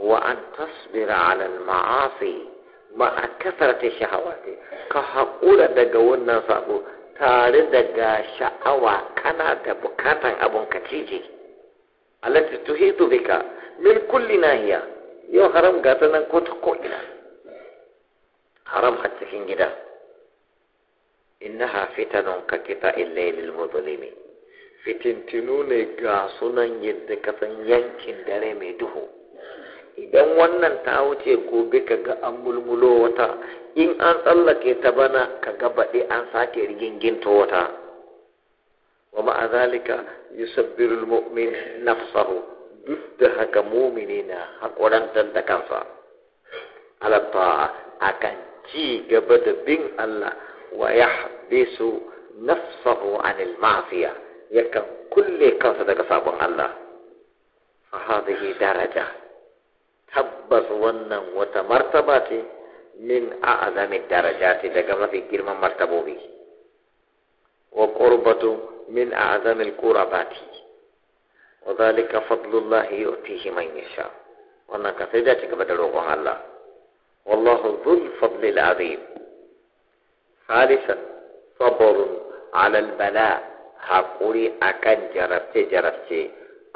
wa an tasbira ala ma'asi ma a kasarta shahawati ka haƙura daga wannan sabo tare da ga sha'awa kana da bukatan abun ka cije alati tuhitu bika min kulli nahiya yau haram ga nan ko ta ko ina haram a cikin gida innaha fitanun ka kita illailil mudlimi fitintinu ne ga sunan yadda kasan yankin dare mai duhu idan wannan ta wuce gobe ka ga an mulmulo wata in an tsallake ta bana ka ga baɗe an sake riginginta wata wa ma'a zalika yusabbirul mu'min nafsahu duk da haka mumini na haƙurantar da kansa alatta akan ci gaba da bin Allah wa ya yahbisu nafsahu anil mafiya. yakan kulle kansa daga sabon Allah fa hadhihi daraja tabbas wannan wata martaba ce min a'zami darajati daga mafi girman martabobi wa qurbatu min a'zami al-qurabati wa dhalika fadlullahi yu'tihi man yasha wannan ka sai da ci gaba da roƙon Allah wallahu dhul fadli al-azim ثالثا صبر على البلاء haƙuri akan jarabce-jarabce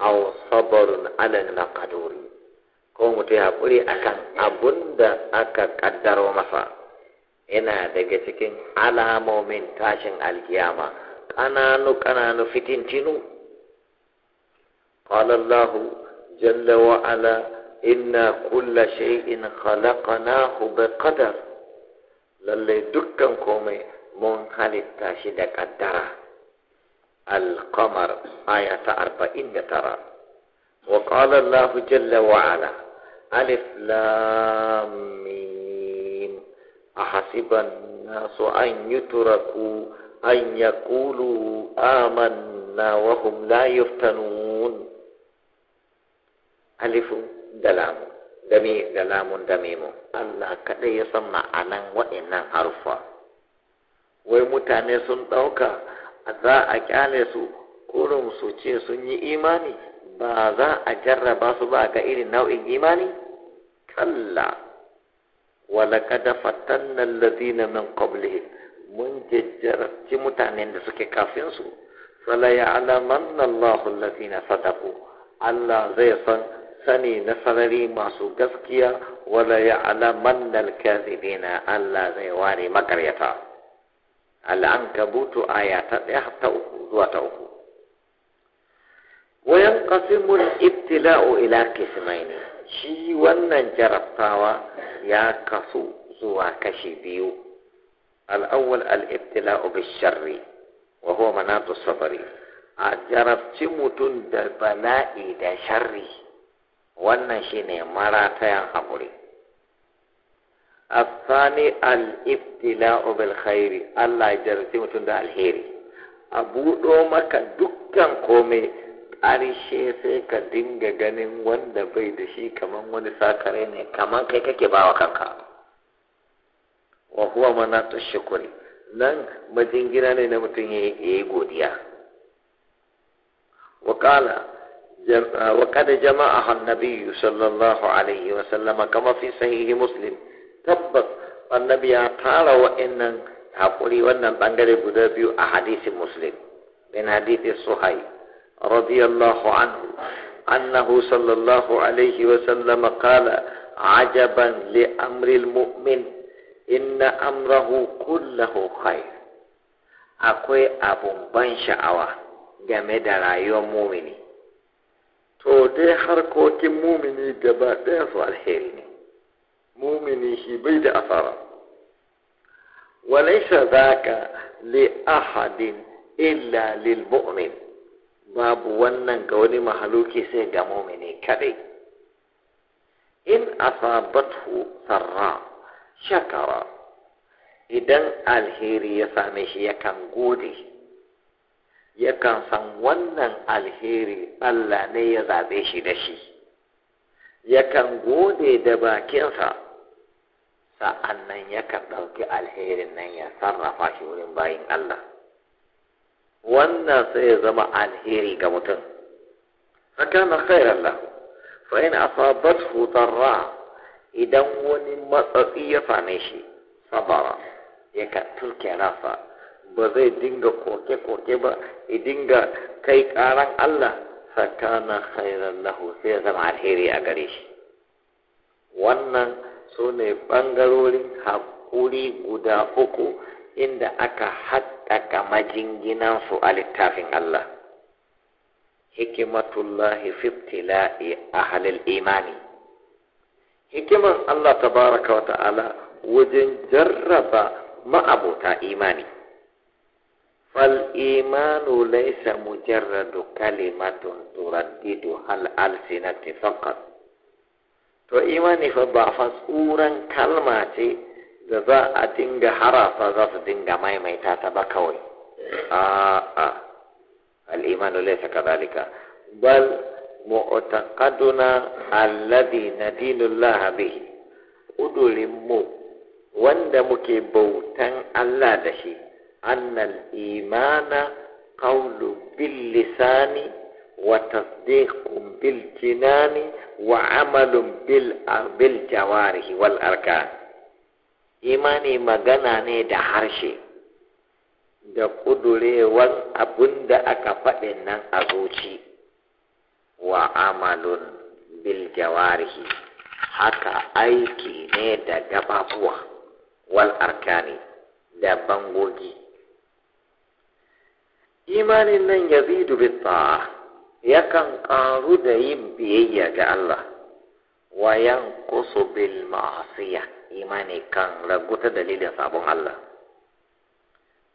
au sabarun na kaduri ko mutum ya haƙuri akan abun da aka kaddaro masa yana daga cikin alamomin tashin alkiyama ƙananu ƙananu fitintinu قال الله جل وعلا إنا كل شيء خلقناه بقدر للي دكا كومي من halitta shi da ƙaddara. القمر آية أربعين ترى وقال الله جل وعلا ألف لام ميم أحسب الناس أن يتركوا أن يقولوا آمنا وهم لا يفتنون ألف دلام دمي دلام دميم الله كده يسمع أنا وإنا حرفا ومتاني سنتوكا za a kyale su kurin su ce sun yi imani ba za a jarraba su ba ga irin nau'in imani kalla walaqad fatanna alladhina min qablihim mun jajjarci mutanen da suke kafin su fala ya'lamanna Allahu alladhina sadaqu Allah zai san sani na sarari masu gaskiya wala ya'lamanna al Allah zai ware makaryata al'ankabutu aya ta ɗaya ta uku zuwa ta uku wayan qasimul ibtila'u ila ne. shi wannan jarabtawa ya kasu zuwa kashi biyu al'awwal al'ibtila'u bisharri wa huwa manatu sabari a jarabci mutum da bala'i da sharri wannan shine maratayan haƙuri الثاني الابتلاء بالخير الله يجرسي متون ده الخير أبو دوما كدكا قومي ƙarshe sai ka dinga ganin wanda bai da shi kamar wani sakare ne kaman kai kake bawa kanka wa huwa manatu shukuri nan majingina ne na mutum ya yi godiya waƙala وقد جمعها النبي صلى الله عليه وسلم كما في صحيح مسلم tabbas annabi ya tara wa'annan hakuri wannan bangare guda biyu a hadisin muslim min hadisi suhai radiyallahu anhu annahu sallallahu alaihi wa sallam qala ajaban li amri almu'min inna amrahu kullahu khair akwai abun ban sha'awa game da rayuwar mumini to dai harkokin mumini gaba ɗaya su alheri ne mumini shi bai da asara walaisa zaka li ahadin illa lil mu'min babu wannan ga wani mahaluki sai ga mumini kadai in asabathu sarra shakara idan alheri ya same shi yakan gode yakan san wannan alheri Allah ne ya zaɓe shi da shi yakan gode da bakinsa sa'an nan yakan ɗauki alherin nan ya sarrafa shi wurin bayin Allah wannan sai ya zama alheri ga mutum Tsakanin khairan lahu fa in hutar ra idan wani matsatsi ya same shi sabara ka turke rasa ba zai dinga koke-koke ba ya dinga kai karan Allah Tsakanin khairan lahu sai ya zama alheri a gare shi wannan su ne ɓangarorin haƙuri guda uku inda aka haɗaka majinginansu a littafin Allah. Hikimatullahi fiftila'i a halil imani. hikimar Allah Ta baraka wa ta'ala wajen jarraba ma'abota imani. فالإيمان ليس مجرد كلمة ترددها الألسنة فقط to imani fa ba fa tsuran kalma ce da za a dinga harafa za su dinga maimaita ta ba kawai a'a al'imanu laysa kadhalika bal mu'taqaduna alladhi na bihi udurin mu wanda muke bautan Allah da shi annal imana qawlu bil lisani وتصديق بالجنان وعمل بالجوارح والأركان imani magana ne da harshe da ƙudurewan abin aka faɗin nan a zuci wa amalun bil jawarihi haka aiki ne da gababuwa wal arkani da bangogi imanin nan yazidu bi ta'a yakan ƙaru da yin biyayya ga Allah wa kusu bil ma'asiya imani kan ragu ta dalilin sabon Allah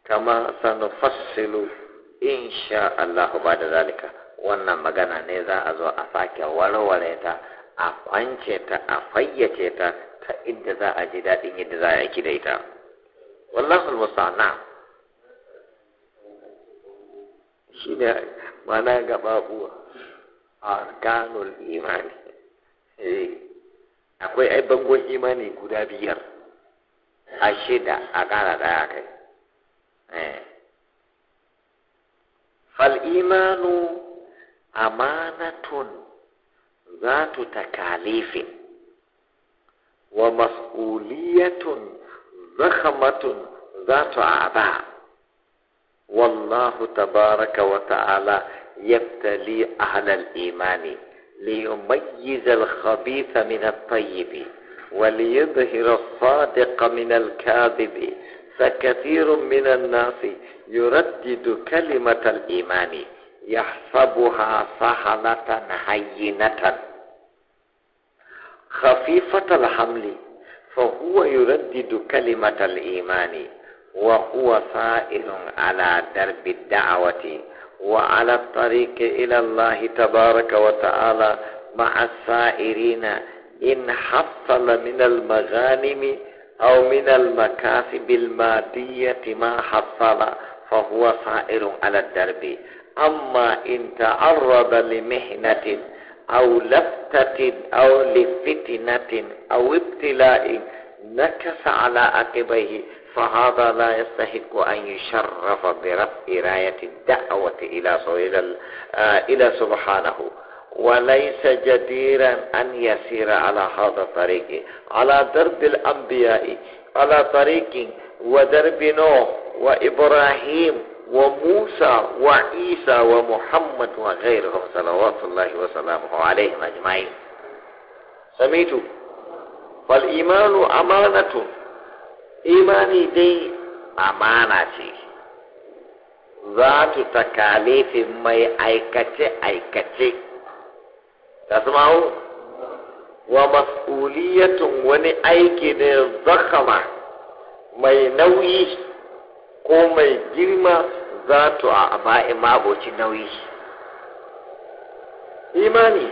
kama sanufassilu insha Allah ba da zalika wannan magana ne za a zo a sake warware ta a kwance ta a fayyace ta ta inda za a ji daɗin yadda za a yi da ita wallahu al na shi mana a arkanul imani eh, akwai ai bangon imani guda biyar a shida a ƙara daya kai eh. fal'imanu amanatun zatu takalifin wa mas'uliyatun zakamatun zatu aba والله تبارك وتعالى يبتلي أهل الإيمان ليميز الخبيث من الطيب وليظهر الصادق من الكاذب فكثير من الناس يردد كلمة الإيمان يحسبها صحنة هينة خفيفة الحمل فهو يردد كلمة الإيمان وهو صائل على درب الدعوة وعلى الطريق إلى الله تبارك وتعالى مع السائرين إن حصل من المغانم أو من المكاسب المادية ما حصل فهو صائر على الدرب أما إن تعرض لمحنة أو لفتة أو لفتنة أو ابتلاء نكس على عقبيه فهذا لا يستحق أن يشرف برفع راية الدعوة إلى آه، إلى سبحانه وليس جديرا أن يسير على هذا الطريق على درب الأنبياء على طريق ودرب نوح وإبراهيم وموسى وعيسى ومحمد وغيرهم صلوات الله وسلامه عليهم أجمعين سميتوا فالإيمان أمانة imani dai amana ce za tu takalifin mai aikace-aikace ta sumahu wa mas'uliyatun wani aiki ne zakama mai nauyi ko mai girma za tu a ba'i magoci nauyi imani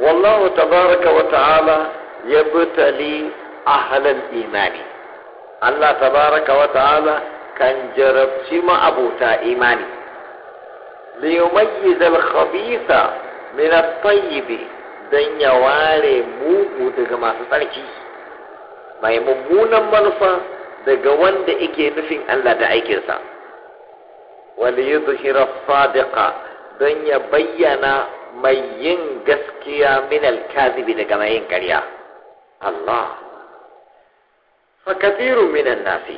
wallahu tabaraka wa ta'ala ya butali imani Allah tabaraka wa ta'ala kan jarabci ma'abuta imani liyumayyiz al-khabitha min at-tayyib dan ya ware mugu daga masu tsarki mai mummunan manufa daga wanda yake nufin Allah da aikinsa wal yudhhira as-sadiqa dan ya bayyana mai yin gaskiya min al-kadhibi daga mai yin ƙarya Allah fa kathiru minan nasi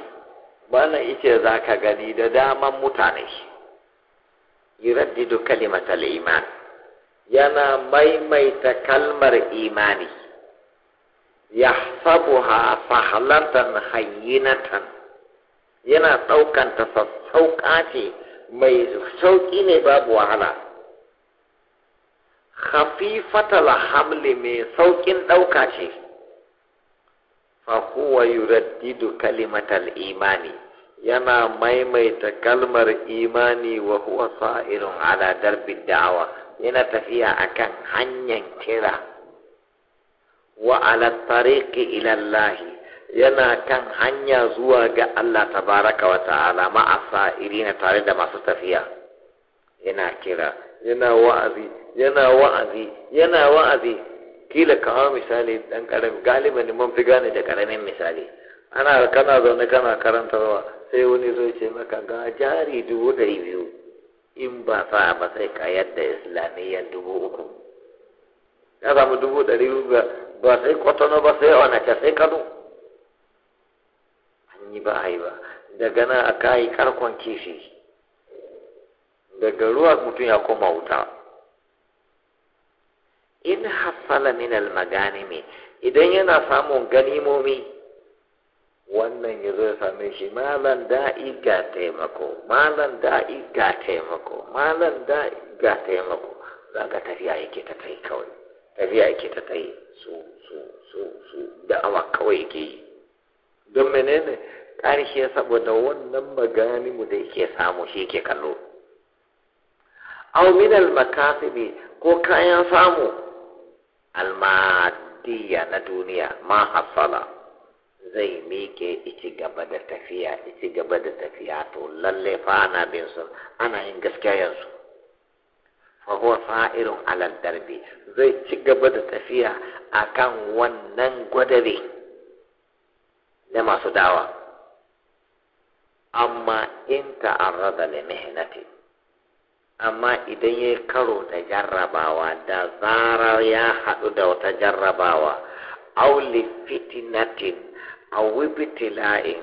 wannan ice za ka gani da daman mutane yuraddidu al iman yana maimaita kalmar imani yahsabuha fahlatan hayyinatan yana ɗaukanta sauka ce mai sauƙi ne babu wahala khafifatal hamli mai sauƙin ɗauka ce fahuwa yuraddidu kalimatal imani yana maimaita kalmar imani wa huwa sa'irun ala darbin da'awa yana tafiya akan hanyar kira wa ala tariqi ila yana kan hanya zuwa ga Allah tabaraka wa ta'ala ma'a sa'irina tare da masu tafiya yana kira yana wa'azi yana wa'azi yana wa'azi kila kawo misali dan karami galiban mun fi gane da karamin misali ana kana zaune kana karantarwa sai wani zo ce maka ga jari dubu ɗari biyu in ba sa ba sai ka yadda islamiyya dubu uku ya samu dubu ɗari biyu ba sai kwatano ba sai onace sai kano an yi ba a yi ba daga nan a kayi karkon kishi daga ruwa mutum ya koma wuta in hasala min al-maganimi idan yana samun ganimomi wannan ya zo same shi malan da'i ga taimako malan da'i ga taimako malan da'i ga taimako za ga tafiya yake ta kai kawai tafiya yake ta kai su su su su da'awa kawai yake yi don menene ƙarshe saboda wannan maganimu da yake samu shi yake kallo au min makasibi ko kayan samu almadiya na duniya ma hasala zai miƙe ici gaba da tafiya ici gaba da tafiya to lalle fa ana bin su ana yin gaskiya yanzu fa huwa fa'irun alal darbi zai ci gaba da tafiya a kan wannan gwadare da masu dawa amma in ta'arrada li mihnati amma idan ya karo da jarrabawa da zarar ya haɗu da wata jarrabawa auli fitinatin a wibtila'in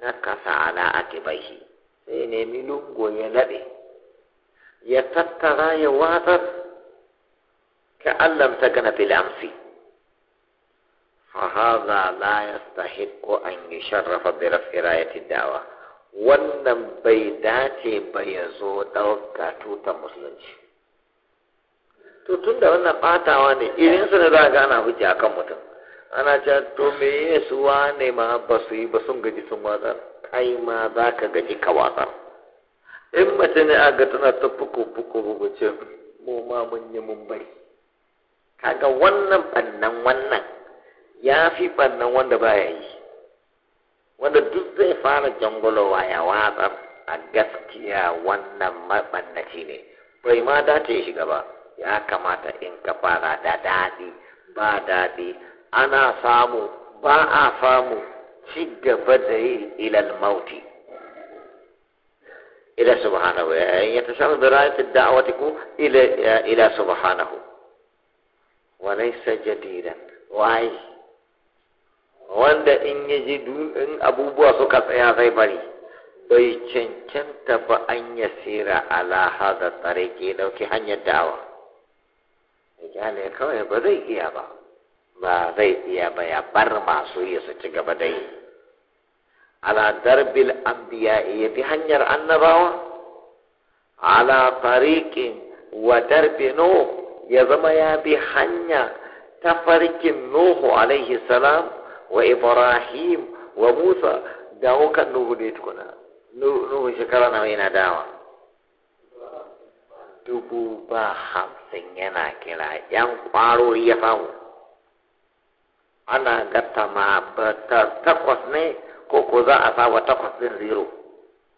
na kasa ala atibahi sai nemi lungo ya laɗe ya tattara ya watsar ka allam ta gana filamsi fa haza la yastahiqqu an yusharrafa bi raf'i rayati da'wa wannan bai dace ba ya zo ɗauka tutar musulunci to tun da wannan ɓatawa ne irin su ne za a gana wuce a kan mutum ana ce to me ya su wane ma ba su yi ba sun gaji sun watsar kai ma za ka gaji ka watsar in mace ne a ga tana ta fuku fuku fuku ce mu ma mun yi mun bari kaga wannan bannan wannan ya fi bannan wanda baya yi wanda duk zai fara jangulowa ya watsar a gaskiya wannan mabannaci ne bai ma dace shi shiga ba ya kamata in ka fara da daɗi ba daɗi ana samu ba a samu ci gaba da yi ilal mauti ila subhanahu ya ta samu birayatun da'awati ku ila subhanahu wa laisa jadidan wai wanda in ya ji in abubuwa suka tsaya zai bari bai cancanta ba an ya tsira ala da tsare ke dauki hanyar dawa ya kawai ba zai iya ba ba zai iya ba ya bar masu yi su ci gaba da yi ala darbil ambiya ya bi hanyar annabawa ala tariqin wa darbe nuh ya zama ya bi hanya ta farkin nuhu alaihi salam wa ibrahim wa musa da kan nuhu ne tukuna nuhu shekara na yana dawa dubu ba hamsin yana kira yan kwaro ya samu ana gata ma takwas ne ko ko za a sa takwas din zero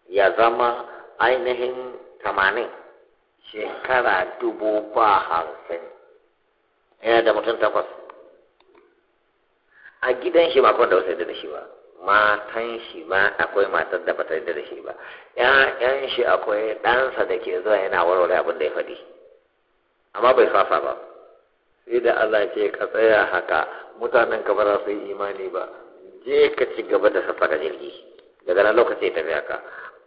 ya zama ainihin tamanin shekara dubu ba hamsin yana da mutum takwas a gidan shi ma kuma da wasu da shi ba matan shi ma akwai matar da bata da shi ba ƴan shi akwai ɗansa da ke zuwa yana warware abin da ya faɗi amma bai fafa ba sai da Allah ce ka tsaya haka mutanen ka ba za su yi imani ba je ka ci gaba da safara jirgi daga nan lokaci ya tafi haka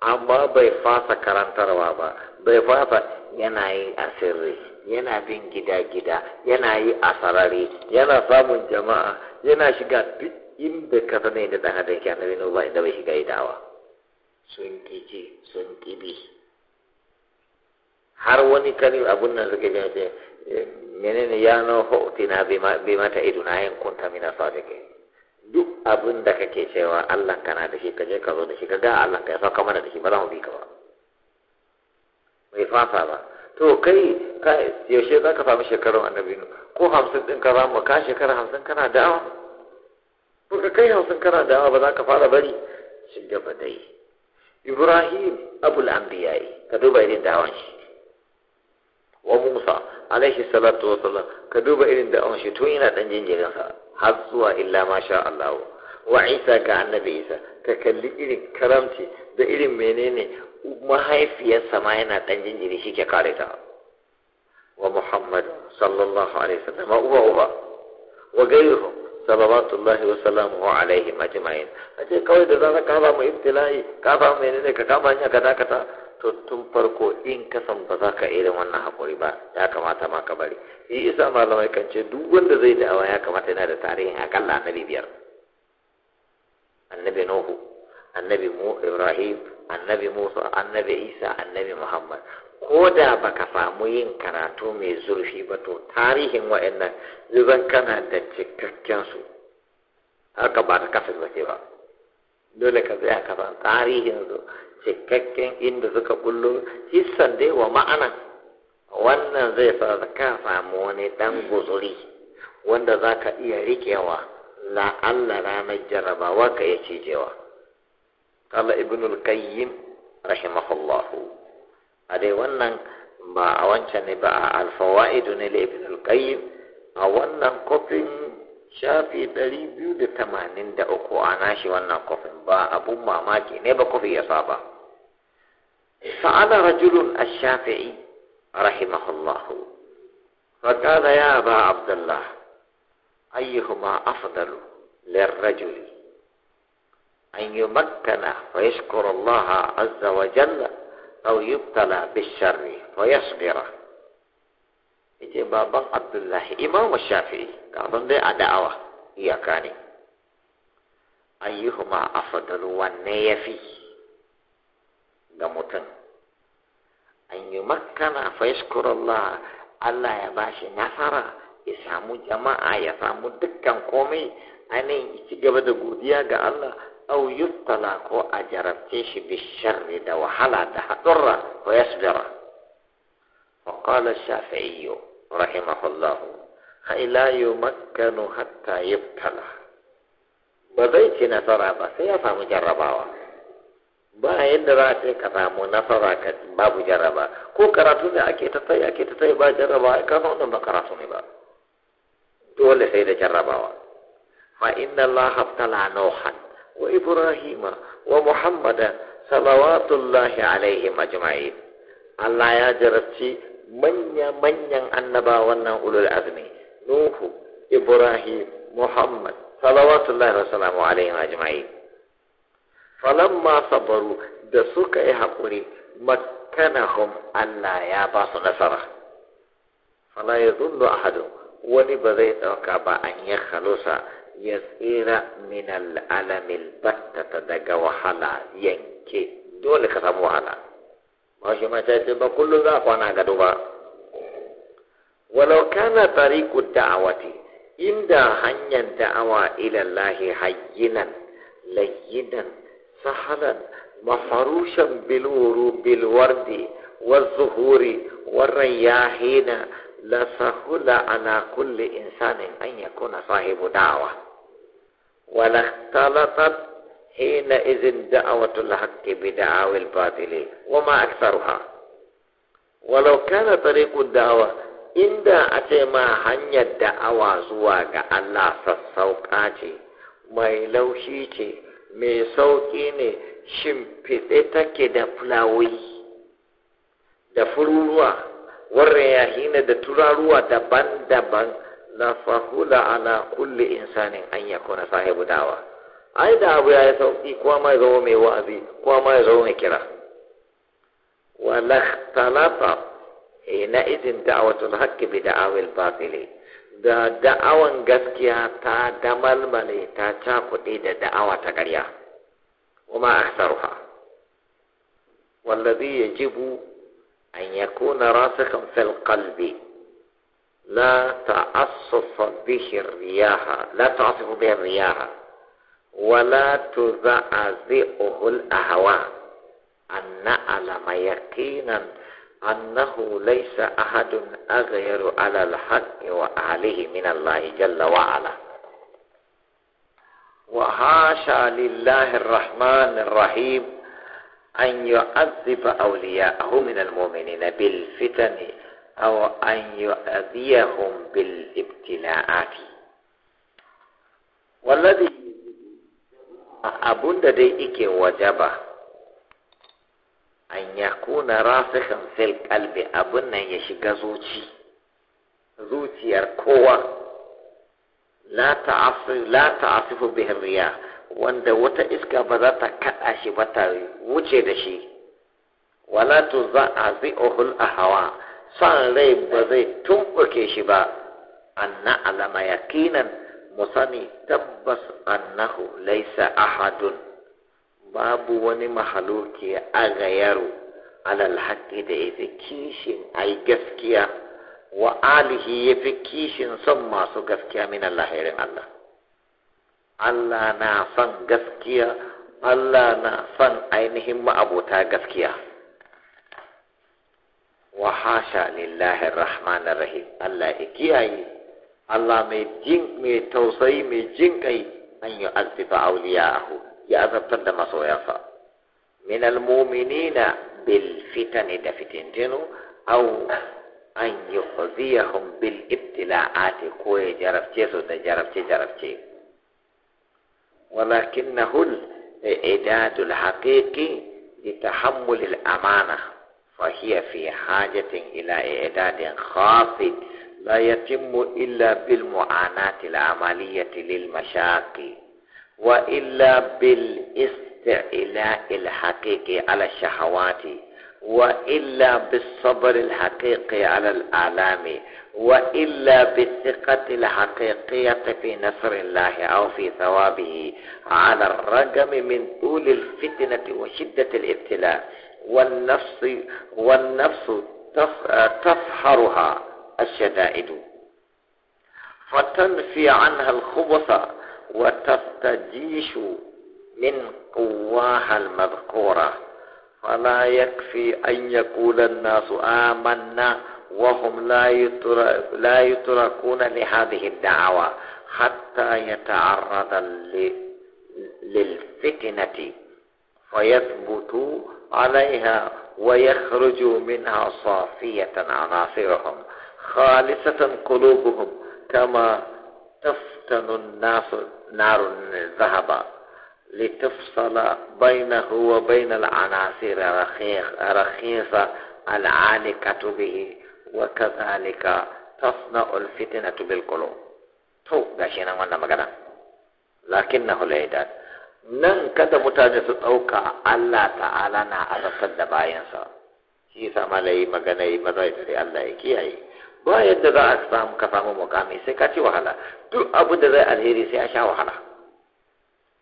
amma bai fasa karantarwa ba bai fasa yana yi a sirri yana bin gida-gida yana yi a sarari yana samun jama'a yana shiga duk inda ka sani da ɗan adam ke annabi nuhu ba inda bai shiga idawa sun kici sun kibi har wani kani abun nan suka ji ce eh, menene ya hoti na bi mata iduna yin kunta mina sadiqin duk abin da kake cewa Allah kana da shi kaje ka zo da shi ka ga Allah ka ya sauka mana da shi ba za mu bi ka ba bai fasa ba to kai ka yaushe za ka samu shekarun annabi ko hamsin ɗin ka samu ka shekara hamsin kana da'awa ko ka kai hamsin kana da'awa ba za ka fara bari shi gaba dai ibrahim abul anbiya'i ka duba irin da'awan shi wa musa alaihi salatu wasallam ka duba irin da'awan shi tun yana ɗan jinjirin sa har zuwa illa sha Allah wa isa ga annabi isa ka kalli irin karamci da irin menene mahaifiyarsa ma yana ɗan jinjiri shi ke kare ta wa muhammad sallallahu alaihi wasallam uba uba wa gairuhu salawatullahi wa wa alaihi majma'in ce kawai da za ka ba mu ibtila'i ka ba mu ne ka kama hanya ka dakata to tun farko in ka san ba za ka irin wannan hakuri ba ya kamata ma ka bari shi isa malamai kan ce duk wanda zai da'awa ya kamata yana da tarihin akalla annabi biyar annabi nuhu annabi mu ibrahim annabi musa annabi isa annabi muhammad ko da baka samu yin karatu mai zurfi ba to tarihin wa'annan zuban kana da cikakken su haka ba ta kafin ba ba dole ka zai ka san tarihin su cikakken inda suka kullu hissan dai wa ma'ana wannan zai sa ka samu wani dan guzuri wanda za ka iya riƙewa la Allah ranar jarrabawa ka iya cijewa. kala ibnul qayyim rahimahullahu ade wannan ba a wancan ba a alfawa'idu na da ibnul qayyim a wannan kofin shafi 283 a nashi wannan kofin ba abun mamaki ne ba kofin ya saba sa'ala rajulun ash-shafi'i rahimahullahu فقال يا أبا عبد الله أيهما أفضل للرجل أن يمكن ويشكر الله عز وجل أو يبتلى بالشر ويصبر yace baban abdullahi imam shafi'i kafin dai a da'awa iyaka ne ayyuhuma afdal wanne yafi ga mutum Anyi yi makkana fa Allah ya bashi nasara ya samu jama'a ya samu dukkan komai ainihin ci gaba da godiya ga Allah au yubtala ko a jarabce shi bisharri da wahala da haɗurra ko yasbira wa qala shafi'i rahimahullah ha ila yumakkanu hatta yubtala ba zai ci nasara ba sai ya samu jarrabawa ba yadda za a ka samu nasara ka babu jarraba ko karatu ne ake ta tsaye ake ta tsaye ba jarraba ka san wannan ba karatu ne ba dole sai da jarrabawa fa inna allaha ftala nuhan wa وإبراهيم ومحمد صلوات الله عليهم أجمعين Allah ya jarabci manya-manyan annaba wannan ulul azmi Nuhu, Ibrahim, Muhammad, salawatullahi wa salamu alaihi wa jima'i. Falamma sabaru da suka yi hakuri makkanahum Allah ya ba su nasara. Fala ya zullu wani ba zai dauka ba an yi halusa. ya tsira min al'alamil battata daga wahala yanke dole ka samu wahala ba shi ma sai ba kullum za kwana gado ba walau kana ku da'awati inda hanyar da'awa ila Allah hayyinan layyinan sahalan mafarushan bilwuru bilwardi والزهور والرياحين لسهل ana كل insanin أن kuna sahibu da'awa. ولا اختلطت حينئذ دعوة الحق بدعاوى الباطل وما أكثرها ولو كان طريق الدعوة inda a ce ma hanyar da'awa zuwa ga Allah sassauƙa ce mai laushi ce mai sauƙi ne shimfiɗe take da fulawoyi da fururuwa warren yahina da turaruwa daban-daban la fahula ala kulli insanin an yakuna sahibu dawa ai da abu ya yi sauki kuma ya zama mai wa'azi kuma ya zama mai kira wa E, na izin da'awatul haqqi bi da'awil batili da da'awan gaskiya ta damalmale ta cakuɗe da da'awa ta ƙarya kuma a sarfa wallazi yajibu an yakuna rasikan fil qalbi لا تعصف به الرياح لا تعصف به الرياح ولا تزعزئه الأهواء أن نعلم يقينا أنه ليس أحد أغير على الحق وأهله من الله جل وعلا وحاشا لله الرحمن الرحيم أن يعذب أولياءه من المؤمنين بالفتن aw an yu'adhiyahum bil ibtila'ati wallazi abunda dai ike wajaba an yakuna rasikhan fil qalbi abun nan ya shiga zuci zuciyar kowa la ta'asif la ta'asifu wanda wata iska ba za ta kada shi ba ta wuce da shi wala tuza'zi'uhu a hawa. san rai ba zai tumɓuke shi ba anna alama yakinan mu sani tabbas annahu laisa ahadun babu wani mahaluki a gayaru alal haƙƙi da ya fi kishin yi gaskiya wa alihi ya fi kishin son masu gaskiya min lahirin Allah Allah na son gaskiya Allah na son ainihin ma'abota gaskiya وحاشا لله الرحمن الرحيم الله إكي أي الله مي جن مي توصي مي جن أي أن يؤذف أولياءه يا ذا ما سويفا من المؤمنين بالفتن دفتن جنو أو أن يؤذيهم بالابتلاءات كوي جرف تيسو تجرف تجرف تي ولكنه الإداد الحقيقي لتحمل الأمانة فهي في حاجة إلى إعداد خاص لا يتم إلا بالمعاناة العملية للمشاق وإلا بالاستعلاء الحقيقي على الشهوات وإلا بالصبر الحقيقي على الآلام وإلا بالثقة الحقيقية في نصر الله أو في ثوابه على الرغم من طول الفتنة وشدة الابتلاء والنفس والنفس تفحرها الشدائد فتنفي عنها الخبث وتستجيش من قواها المذكورة فلا يكفي أن يقول الناس آمنا وهم لا لا يتركون لهذه الدعوة حتى يتعرض للفتنة فيثبتوا عليها ويخرج منها صافية عناصرهم خالصة قلوبهم كما تفتن الناس نار الذهب لتفصل بينه وبين العناصر رخيصة العالقة به وكذلك تصنع الفتنة بالقلوب تو لكنه لا يدان nan kada mutane su ɗauka Allah ta'ala na azabtar da bayansa shi yasa malayi magana yi maza ya tare Allah ya kiyaye ba yadda za a samu ka samu mukami sai ka ci wahala duk abu da zai alheri sai a sha wahala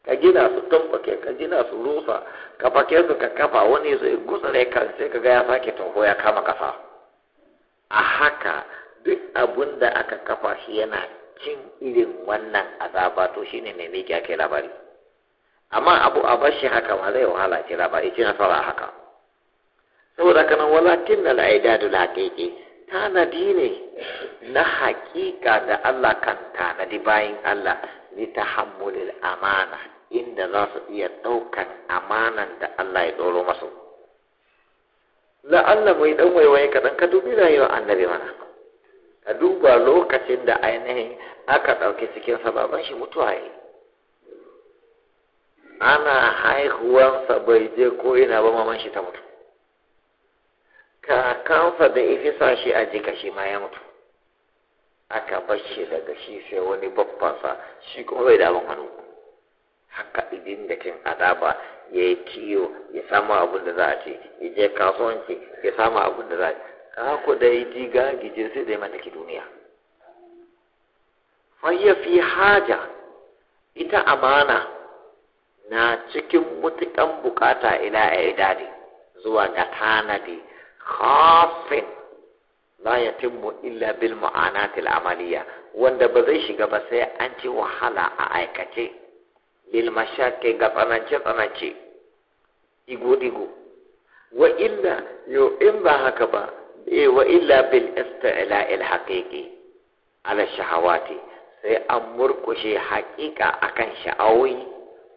ka gina su tumbake ka gina su rufa, ka fake su ka kafa wani zai gutsare kan sai ka ga ya sake tunko ya kama kasa. a haka duk abun da aka kafa shi yana cin irin wannan azaba to shine ne ne ke labari amma abu a bashi haka ma zai wahala kira ba na nasara haka saboda kana walakin na la'idadu laƙiƙi tanadi ne na haƙiƙa da Allah kan tanadi bayan Allah ni ta hammulil amana inda za su iya ɗaukan amanan da Allah ya ɗoro masu la'alla mai ɗan waiwaye kaɗan ka dubi rayuwar annabi mana ka duba lokacin da ainihin aka ɗauki cikin sababan shi mutuwa yi ana haihuwansa bai je ko ina ba maman shi ta mutu kakansa da ifisa shi a jika shi ma ya mutu aka bar shi daga shi sai wani babbansa shi kuma bai da hannu haka idin da kin adaba ya yi kiyo ya samu abin da za a ce ya je kasuwanci ya samu abin da za a ce haka da ya ji gagije sai da ya mataki duniya fayyafi haja ita amana na cikin mutukan bukata ila a idadi zuwa ga tanadi khafin la yatimmu illa bil mu'anati amaliya wanda ba zai shiga ba sai an ci wahala a aikace bil mashaki ga tsanace-tsanace. igo digo wa illa yo in ba haka ba e wa illa bil isti'la al haqiqi ala shahawati sai an murkushe haƙiƙa akan sha'awoyi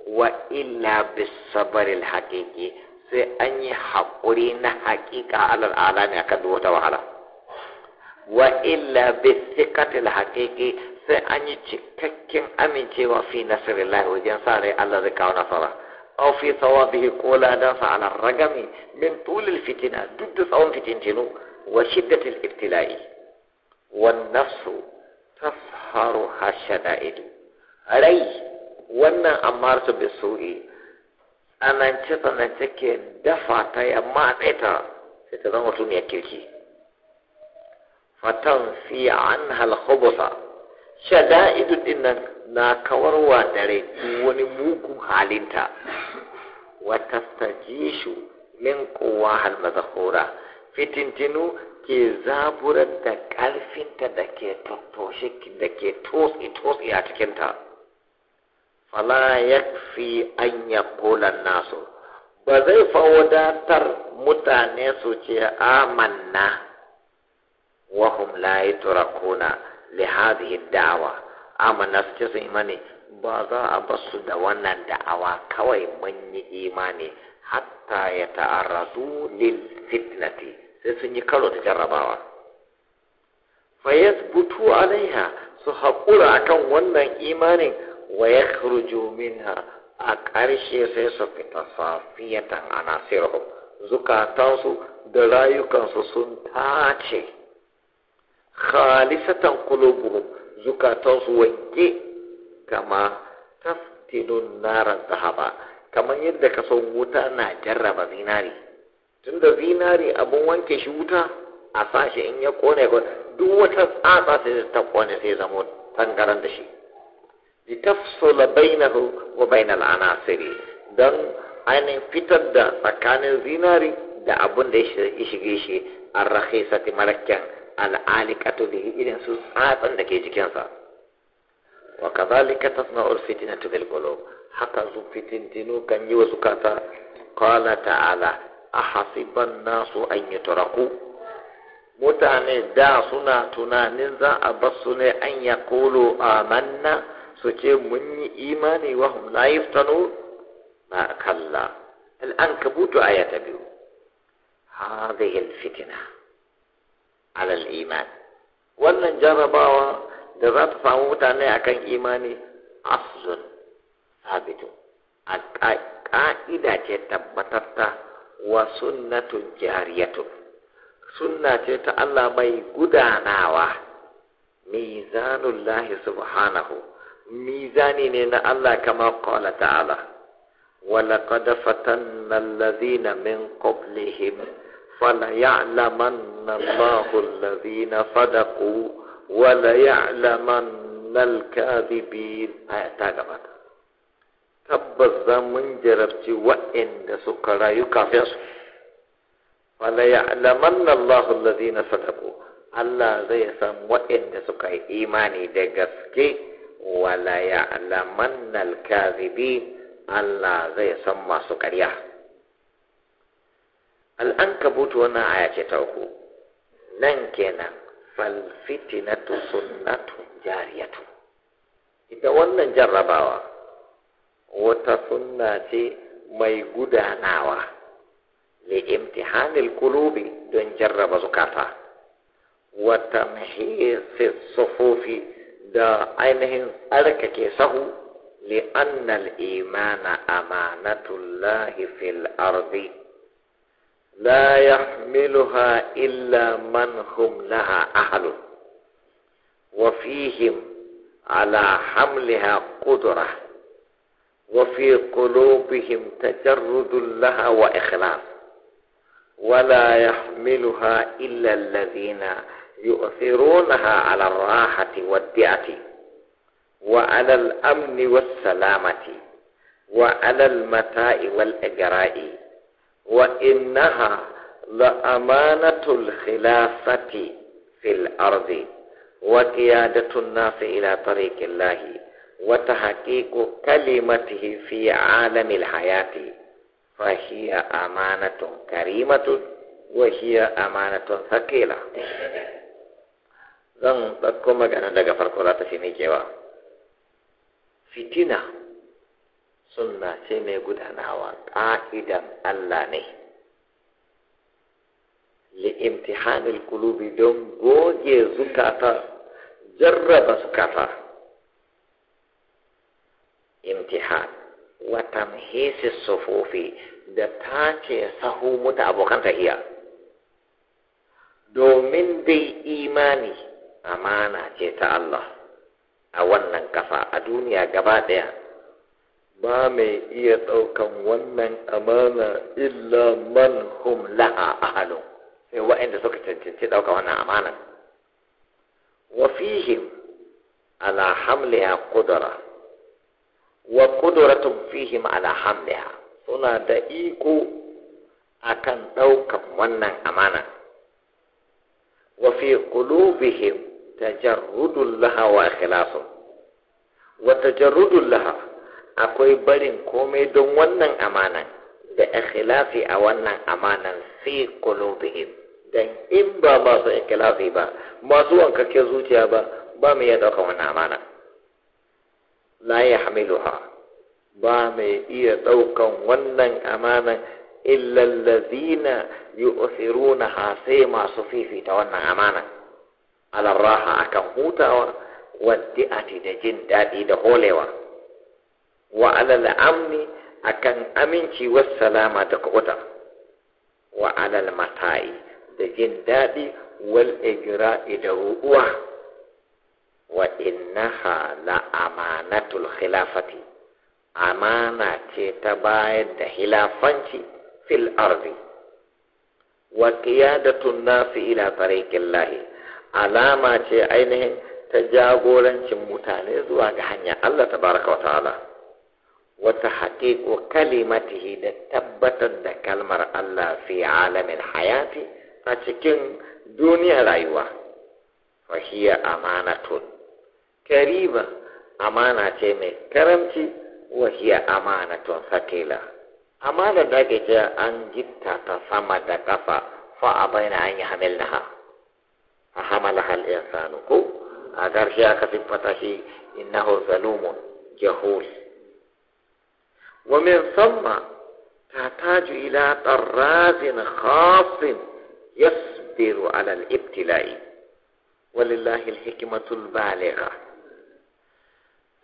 وإلا بالصبر الحقيقي سي أني حقرين حقيقة على الأعلام أكدو وتوهلا وإلا بالثقة الحقيقي سي أني تككين أمين تيوى في نصر الله وجن صاري الله ذكا ونصره أو في صوابه قولا دنس على الرقم من طول الفتنة ضد صوم فتنة وشدة الابتلاء والنفس تصهر الشدائد عليه wannan amartu bi nan anance tsanance ke dafa ta ya matse ta sai ta zama mutum kirki fatan fi an halhubusa shada'idu din nan na kawarwa dare wani mugun halinta wata stajishu min kowa hal mazahura fitintinu ke zaburar da ƙarfinta da ke tattoshe da ke tosi tosi a cikinta. fala yakfi an yaqula nasu ba zai fa wadatar mutane su ce amanna wa hum la kuna li hadhihi da'wa amanna su ce sun imani ba za a basu da wannan da'awa kawai mun yi imani hatta ya ta'arradu lil fitnati sai sun yi karo da jarrabawa fa yasbutu alaiha su haƙura akan wannan imanin wa yakhruju minha a ƙarshe sai su fita safiyatan ana sirhu zukatansu da rayukansu sun tace khalisatan qulubuhum zukatansu wanke kama taftinun naran zahaba kamar yadda ka san wuta na jarraba zinari tunda zinari abun wanke shi wuta a sashi in ya kone duk wata tsatsa sai ta kone sai zamo tangaran da shi litafsula bainahu wa bainal anasiri don ainihin fitar da tsakanin zinari da abun da ya shige shi an rahisati marakyan al'alikatu da irin su tsatsan da ke jikinsa wa kazalika tasna'ul fitinatu bil qulub haka su fitintinu kan yi wa zukata qala ta'ala ahasiban nasu an yutraku mutane da suna tunanin za a su ne an a amanna su ce mun yi imani wa hum la yaftanu kalla al ankabutu aya ta biyu hadhihi al fitna ala al iman wannan jarrabawa da za ta samu mutane akan imani aslun sabitun a ka'ida ce tabbatatta wa sunnatun jariyatun sunna ce ta Allah mai gudanawa mizanullahi subhanahu mizani ne na Allah kama qala ta'ala ولقد فتنا الذين من قبلهم فليعلمن الله الذين صدقوا وليعلمن الكاذبين ta gabata. tabbas za mun jarabci waɗanda suka rayu kafin su wala ya'lamanna Allahu alladhina ku, Allah zai san waɗanda suka yi imani da gaske wala ya al-kadhibin Allah zai san masu ƙarya al Butu wannan aya ce ta uku nan kenan fal fitnatu sunnatu jariyatu ita wannan jarrabawa wata sunna ce mai gudanawa le imtihanil kulubi don jarraba zukata wa tamhis sufufi da ainihin tsarkake sahu لأن الإيمان أمانة الله في الأرض لا يحملها إلا من هم لها أهل وفيهم على حملها قدرة وفي قلوبهم تجرد لها وإخلاص ولا يحملها إلا الذين يؤثرونها على الراحة والدئة وعلى الأمن والسلامة وعلى المتاء والأجراء وإنها لأمانة الخلافة في الأرض وقيادة الناس إلى طريق الله وتحقيق كلمته في عالم الحياة فهي أمانة كريمة وهي أمانة ثقيلة zan ɗauko magana daga farko za ta fi cewa fitina sunna ce mai gudanawa ƙa'idan Allah ne imtihanil kulubi don goge zukata jarraba zukata imtihan watan hesi sufofi da ta tace sahu muta abokan tahiya domin dai imani amana ce ta Allah a wannan kafa a duniya gaba ɗaya ba mai iya ɗaukan wannan amana illa man hum a ahalun sai waɗanda suka cancanci ɗauka wannan amana wa fihim ala hamliya kudura. wa qudratun fihim ala hamliya. suna da iko akan ɗaukan wannan amana wa fi qulubihim tajarrudun laha wa ikhlasun wa tajarrudun laha akwai barin komai don wannan amanan da ikhilafi a wannan amanan fi qulubihim dan in ba masu ikhlasi ba masu ke zuciya ba ba mai iya ɗaukar wannan amana la yahmiluha ba mai iya ɗaukan wannan amanan illa allazina yu'thiruna ha sai masu fifita wannan amana alar raha akan hutawa waddi'ati da jin daɗi da holewa wa alal amni akan aminci salama da kuɓuta wa alal mata'i da jin daɗi wal ijra'i da ruɗuwa wa innaha la amanatul khilafati amana ce ta bayar da hilafanci fil ardi wa qiyadatun nasi ila tariqillahi alama ce ainihin ta jagorancin mutane zuwa ga hanya Allah baraka wa ta'ala wata haƙiƙo kalimatihi da tabbatar da kalmar Allah fi alamin hayati a cikin duniya rayuwa fahiya amanatun kariba amana ce mai karamci wahiya amanatun sakila amana da ke an gitta ta sama da ƙafa fa a bayyana an yi hamil na ha فحملها الإنسان كو أدر شيء أكثر فتشي إنه ظلوم جهول ومن ثم تحتاج إلى طراز خاص يصبر على الابتلاء ولله الحكمة البالغة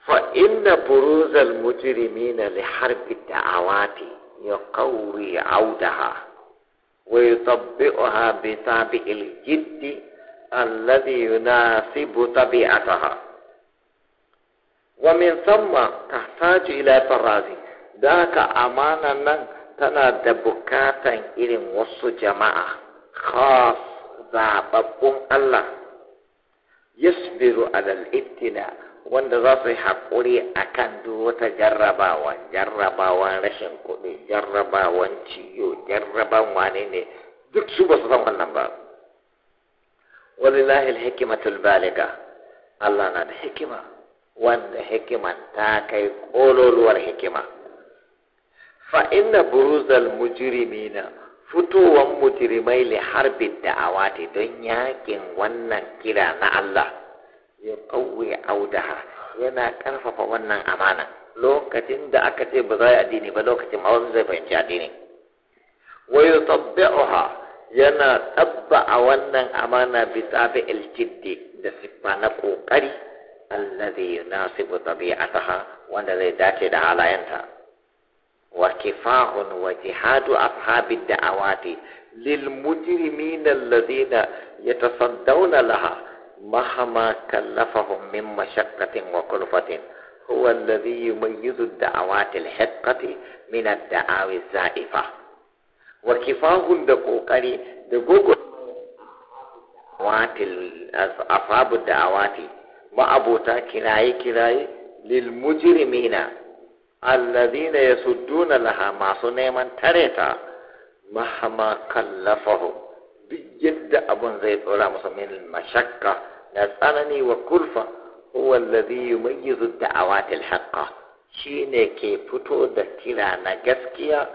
فإن بروز المجرمين لحرب الدعوات يقوي عودها ويطبقها بطابع الجد alladhi yunasibu tabi'ataha wa min thumma tahtaju ila tarazi daka amana nan tana da bukatan irin wasu jama'a khas zababbun Allah yasbiru ala al-ibtila wanda za su yi haƙuri a kan duk wata jarrabawa rashin kuɗi jarrabawan ciyo jarraban wane ne duk su su san wannan ba walillahi alhikmatul baliga Allah na da hikima wanda hikiman ta kai kololuwar hikima fa inna buruzal mujrimina fitowan mujrimai li harbin da'awati don yakin wannan kira na Allah ya kawai audaha yana karfafa wannan amana lokacin da aka ce ba za a addini ba lokacin ma wasu zai fahimci addini wa yutabbi'uha yana tabba a wannan amana bi tabi'il da siffa na kokari allazi yunasibu tabi'ataha wanda zai dace da halayenta wa kifahun wa jihadu ashabi awati, lil mujrimina ya yatasaddawna laha mahama kallafahum min mashaqqatin wa kulfatin huwa alladhi yumayyizu ad-da'awati al-haqqati min wa kifahun da kokari da gogo watil asabu da'awati ma abota kiraye kiraye lil mujrimina alladhina yasudduna laha masu neman tareta mahama kallafahu duk yadda abun zai tsora musu min mashakka na tsanani wa kulfa huwa alladhi yumayyizu da'awati al-haqqa shine ke fito da kira na gaskiya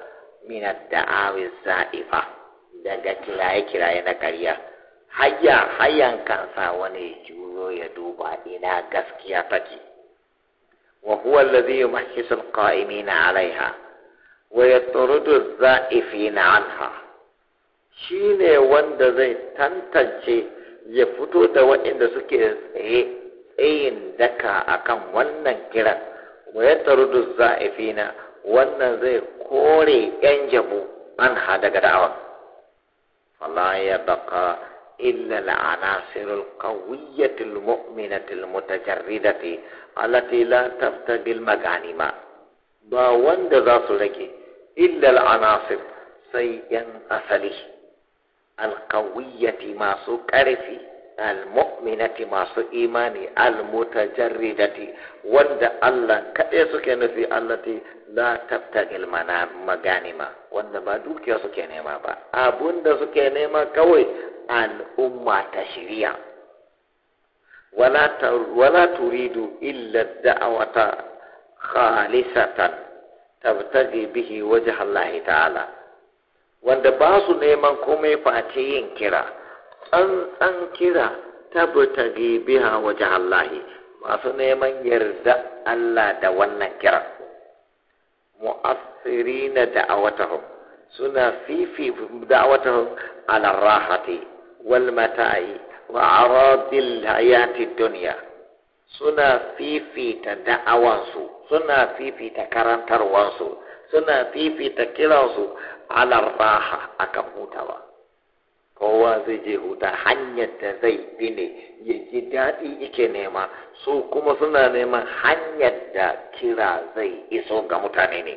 Mina da daawi za'ifa daga kiraye kiraye na ƙarya hayya hayyan kansa wani juro ya duba ina gaskiya take wa huwa allazi yumahhisu alqa'imina 'alayha wa yatrudu adh-dha'ifina 'anha shine wanda zai tantance ya fito da waɗanda suke tsaye tsayin daka akan wannan kiran wa yatrudu adh-dha'ifina wannan zai kore yan jabu an ha daga da'awa fala ya baqa illa al-anasir al-qawiyyah al allati la tabtaghi maganima ba wanda za su rage illa al-anasir sai yan asali al masu ƙarfi. almu'minati masu imani almutajarridati wanda Allah kaɗai suke nufi allati la tabtagil mana maganima wanda ba dukiya suke nema ba abunda suke nema kawai al'umma ta shiriya wala turidu illa da'awata khalisatan tabtaji bihi wajha Allah ta'ala wanda ba su neman komai face yin kira tsantsan kira tabbata biha waje Allahi masu neman yarda Allah da wannan kira mu'assirina da'awatahum suna fifi da'awatahum ala rahati wal mata'i wa aradil hayati duniya suna fifita da'awansu suna fifita karantarwansu suna fifita kiransu ala raha akan hutawa kowa zai je huta hanyar da zai bi ne ya ji daɗi yake nema su kuma suna neman hanyar da kira zai iso ga mutane ne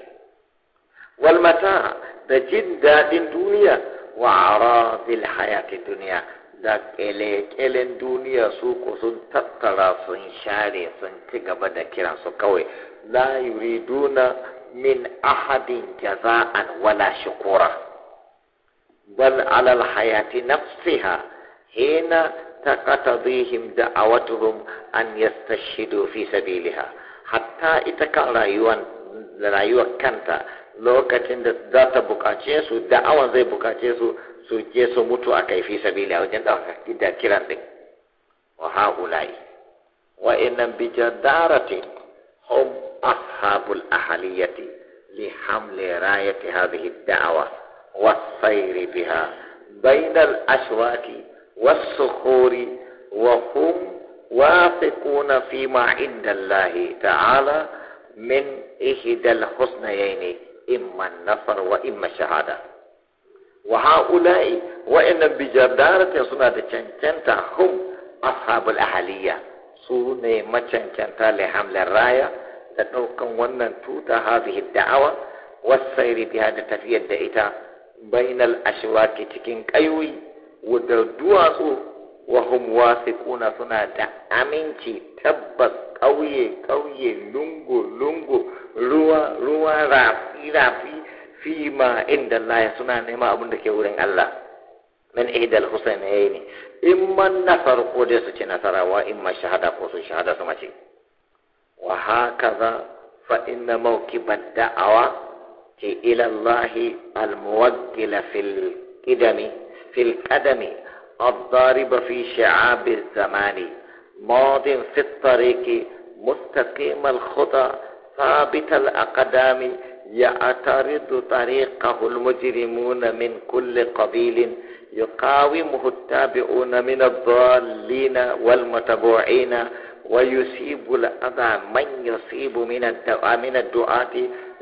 walmata da jin daɗin duniya wa aradil hayati duniya da ƙele-ƙelen duniya su ko sun tattara sun share sun ci gaba da su kawai la yuriduna min ahadin jaza'an wala shukura. بل على الحياة نفسها حين تقتضيهم دعوتهم أن يستشهدوا في سبيلها حتى إذا كان لا لا يوكنت لوكا تند ذات بكا جيسو دعوة زي بكا جيسو سو جيسو متو أكي في سبيلها وجند أكيد كيران دي وهؤلاء وإن بجدارة هم أصحاب الأحلية لحمل راية هذه الدعوة والسير بها بين الأشواك والصخور وهم واثقون فيما عند الله تعالى من إحدى الحسنيين إما النصر وإما الشهادة وهؤلاء وإن بجدارة سنة تشنشنتا هم أصحاب الأهلية سنة ما تشنشنتا لحمل الراية تتوقع ونن توتا هذه الدعوة والسير بهذا تفيد دائتا bainal ashwaki cikin kayoyi wadda duwatsu wa hum kuna suna da aminci tabbas ƙauye ƙauye lungo lungo ruwa ruwa rafi rafi fi ma inda laye suna nema abin da ke wurin Allah min ihdal husainayn imma nasar ko dai su ci nasara wa imma shahada ko su shahada su mace wa hakaza fa inna mawqibat da'awa إلى الله الموكل في القدم في القدم الضارب في شعاب الزمان ماض في الطريق مستقيم الخطى ثابت الأقدام يعترض طريقه المجرمون من كل قبيل يقاومه التابعون من الضالين والمتبوعين ويصيب الأذى من يصيب من الدعاة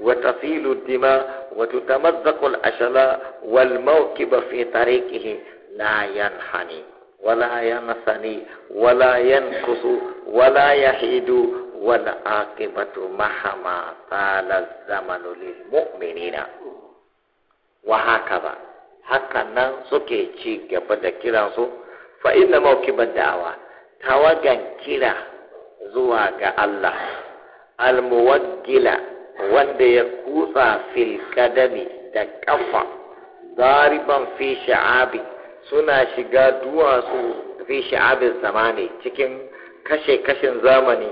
وتسيل الدماء وتتمزق الأشلاء والموكب في طريقه لا ينحني ولا ينثني ولا ينقص ولا يحيد والعاقبة مهما طال الزمن للمؤمنين وهكذا هكذا سكي تشيك بدا كيرانسو فإن موكب الدعوة توجن كلا زواج الله الموكلة wanda ya kutsa fil kadami da kafa dariban fi sha'abi suna shiga duwatsu fi sha'abin zamani. cikin kashe-kashen zamani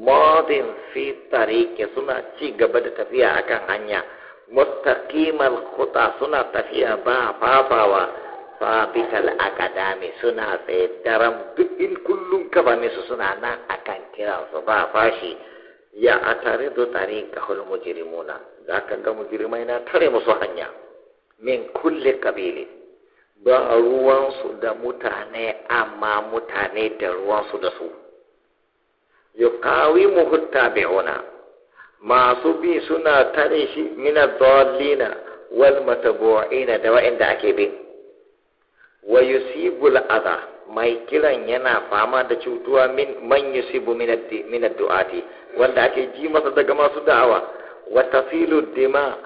modin fi tarike suna ci gaba da tafiya akan hanya mustaqimar kuta suna tafiya ba fafawa fabital akadami suna tsaye daram duk in kullum kafa su suna nan akan kiransu ba fashi ya a tare do tare ka hul mujrimuna za ka ga mujrimai na tare musu hanya min kulle kabili ba ruwansu da mutane amma mutane da ruwansu da su yuqawi muhuttabi'una masu bi suna tare shi mina dhallina wal matabu'ina da wa'inda ake bi wa yusibul adha mai kiran yana fama da cutuwa min man yusibu min addu'ati wanda ake ji masa daga masu da'awa wa tasilu dima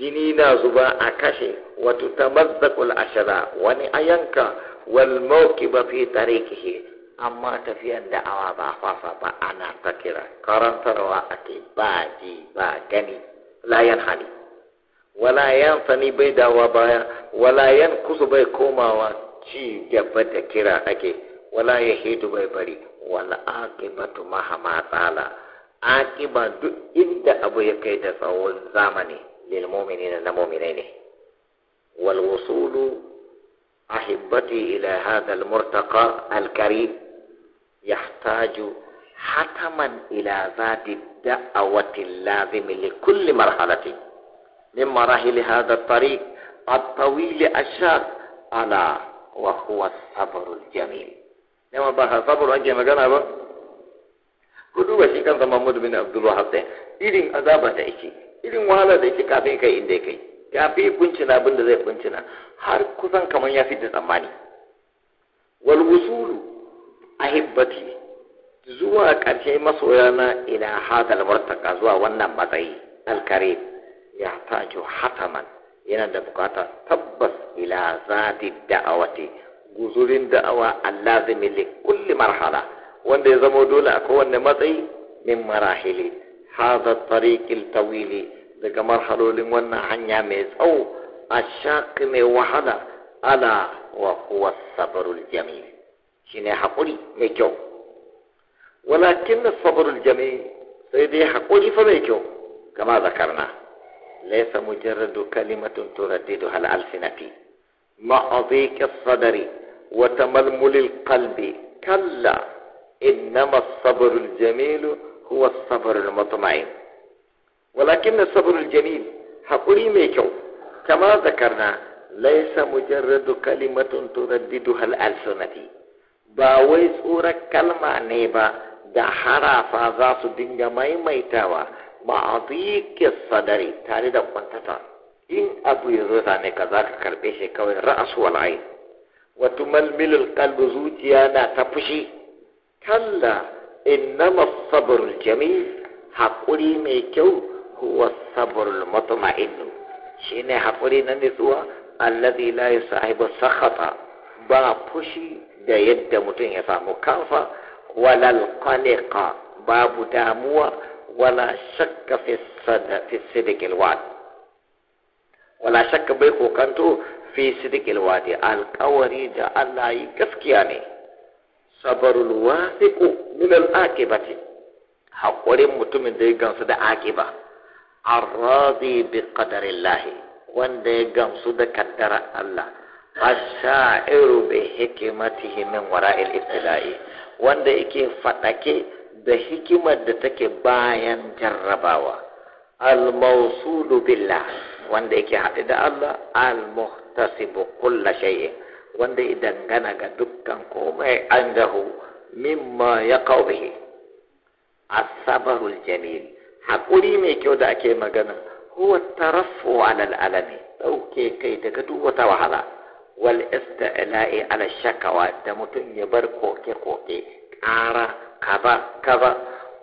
jini na zuba a kashe wa tutamazzaqul ashara wani ayanka wal mawqiba fi tariqihi amma tafiyan da'awa ba fafa ba ana ta kira karantarwa ake ba ji ba gani la yanhani wala yanfani bai dawa baya wala yankusu bai komawa ci gaba da kira ake wala ya hidu bai bari wala aqibatu mahama tsala aqiba duk inda abu ya kai da tsawon zamani lil mu'minina na mu'minai ne wal wusulu ahibati ila hadha al murtaqa al karim yahtaju hataman ila zati da'awati lazim li kulli marhalati min marahil hadha al tariq at-tawil ash ala wa huwa sabrul jamil ne ma ba ha ake magana ba ku duba shi kan zama mudu bin Abdul Wahab irin azaba da yake irin wahala da yake kafin kai inda kai ya fi kuncina abin da zai kuncina har kusan kamar ya fi da tsammani wal wusulu ahibbati zuwa ƙarshe masoya na ila hadal martaka zuwa wannan matsayi alkare ya ta tajo hataman yana da bukata tabbas ila zati da'awati guzurin da'awa allazimi li kulli marhala wanda ya zama dole a kowanne matsayi min marahili hadha tariqil tawili daga marhalolin wannan hanya mai tsawo ashaq mai wahala ala wa huwa sabrul jamil shine hakuri mai kyau walakin sabrul jamil sai dai hakuri fa mai kyau kama zakarna ليس مجرد كلمة ترددها الألسنة مع ضيق الصدر وتململ القلب كلا إنما الصبر الجميل هو الصبر المطمئن ولكن الصبر الجميل حقولي ميكو كما ذكرنا ليس مجرد كلمة ترددها الألسنة باوي صورة كلمة نيبا da harafa za su dinga maimaitawa ma'adiki sadari tare da kwantata in abu ya zo same ka za ka karɓe shi kawai ra'asu wal'ain wato malmilul kalbi zuciya na ta fushi kalla innama sabrul jamil haƙuri mai kyau huwa sabrul Shi shine haƙuri na nutsuwa allazi la yusahibu sakhata ba fushi da yadda mutum ya samu kansa walal qaniqa babu damuwa wala shakka fi sidikil ilwad wala shakka bai kokanto fi sidikil ilwadi alkawari da Allah yi gaskiya ne sabarul wasiqu min al aqibati hakurin mutumin da ya gamsu da aqiba arradi bi qadarillah wanda ya gamsu da kaddara Allah ashairu bi hikmatihi min wara'il ibtila'i wanda yake fadake da hikimar da take bayan jarrabawa al-mawsulu billah wanda yake haɗe da Allah al-muhtasibu kulla wanda ya dangana ga dukkan komai an dahu mimma ya bihi asabarul jamil haƙuri mai kyau da ake magana huwa tarafu alal alami ɗauke kai daga duk wata wahala wal isti'la'i ala shakawa da mutum ya bar koke-koke ƙara kaza kaza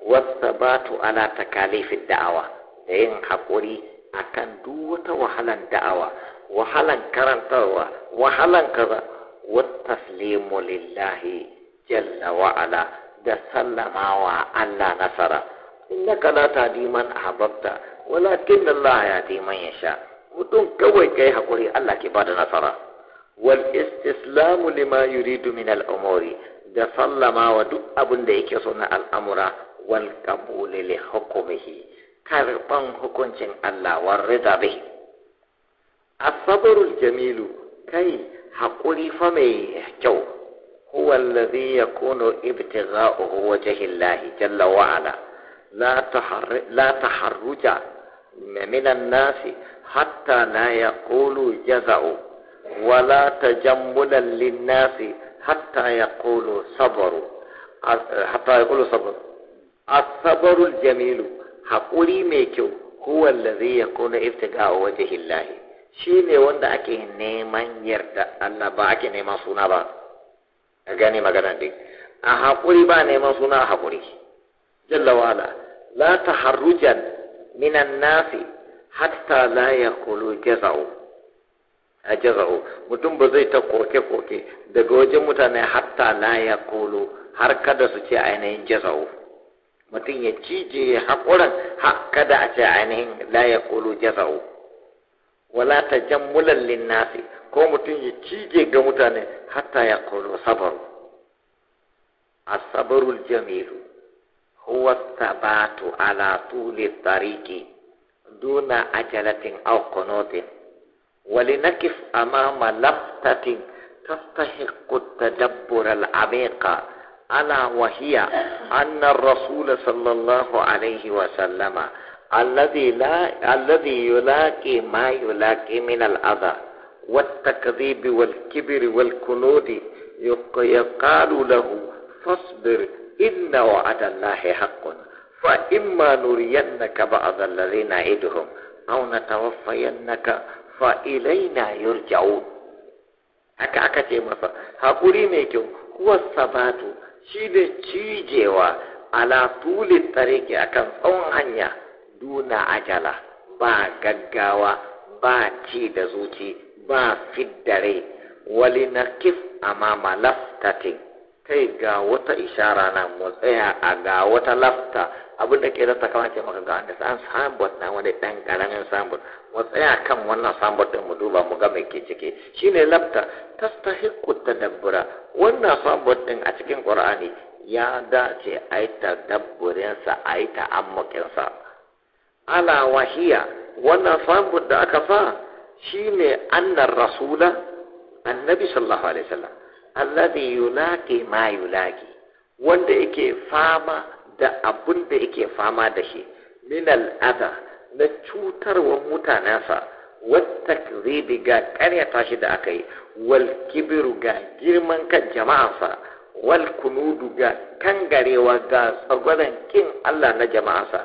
wasabatu ala takalifin da'awa da yin haƙuri akan duk wata wahalan da'awa wahalan karantarwa wahalan kaza wattaslimu lillahi jalla wa da sallamawa Allah nasara innaka la tahdi man ahbabta walakin Allah yahdi ya yasha mutum kawai kai hakuri Allah ke bada nasara wal istislamu lima yuridu min al da sallama wa duk abin da yake so na al'amura wal qabuli li hukmihi hukuncin Allah wa rida bihi as jamilu kai haƙuri fa mai kyau huwa alladhi yakunu ibtigha'uhu wajhi Allah waje. wa ala la la taharruja min an-nas hatta la yaqulu jaza'u ولا linnasi nasi. hatta yaqulu sabaru hatta yaqulu sabaru as sabarul jamilu haƙuri mai kyau huwa allazi yakunu ibtigaa wajhi Allah shine wanda ake neman yarda Allah ba ake neman suna ba a gane magana dai a haƙuri ba neman suna a haƙuri jalla wa'ala la taharrujan minan nasi hatta la yaqulu jaza'u ajazahu mutum ba zai ta koke-koke daga wajen mutane hatta la ya kolo har kada su ce ainihin jazahu mutum ya cije ya haƙuran har kada a ce ainihin la ya kolo jazahu wala ta jammulan linnasi ko mutum ya cije ga mutane hatta ya kolo sabaru asabarul jamilu huwa tabatu ala tuli tariki duna ajalatin au konotin ولنقف أمام لفتة تستحق التدبر العميق ألا وهي أن الرسول صلى الله عليه وسلم الذي لا الذي يلاقي ما يلاقي من الأذى والتكذيب والكبر والكنود يقال له فاصبر إن وعد الله حق فإما نرينك بعض الذي نعدهم أو نتوفينك fa ilaina yurja'u haka aka ce masa hakuri mai kyau kuwa sabatu shi ne cijewa ala tuli tariki akan tsawon hanya duna ajala ba gaggawa ba ci da zuci ba fiddare wali na kif malaf laftatin kai ga wata ishara na mu tsaya a ga wata lafta abin da ke da ta kamace maka ga wanda san sambot na wani ɗan karamin sambot mu kan wannan sambot din mu duba mu ga mai ke Shi shine lafta tastahiqu tadabbura wannan sambot din a cikin qur'ani ya dace a yi tadabburin sa a yi ta'ammukin sa ala wahiya wannan sambot da aka fa shine annar rasula annabi sallallahu alaihi wasallam alladhi yunaki ma yulaki wanda yake fama da abun da yake fama da shi min adha na cutarwar mutanensa wata zibi ga karyata shi da aka yi wal kibiru ga girman kan jama'ansa wal kunudu ga kangarewa ga tsagwaran kin Allah na jama'ansa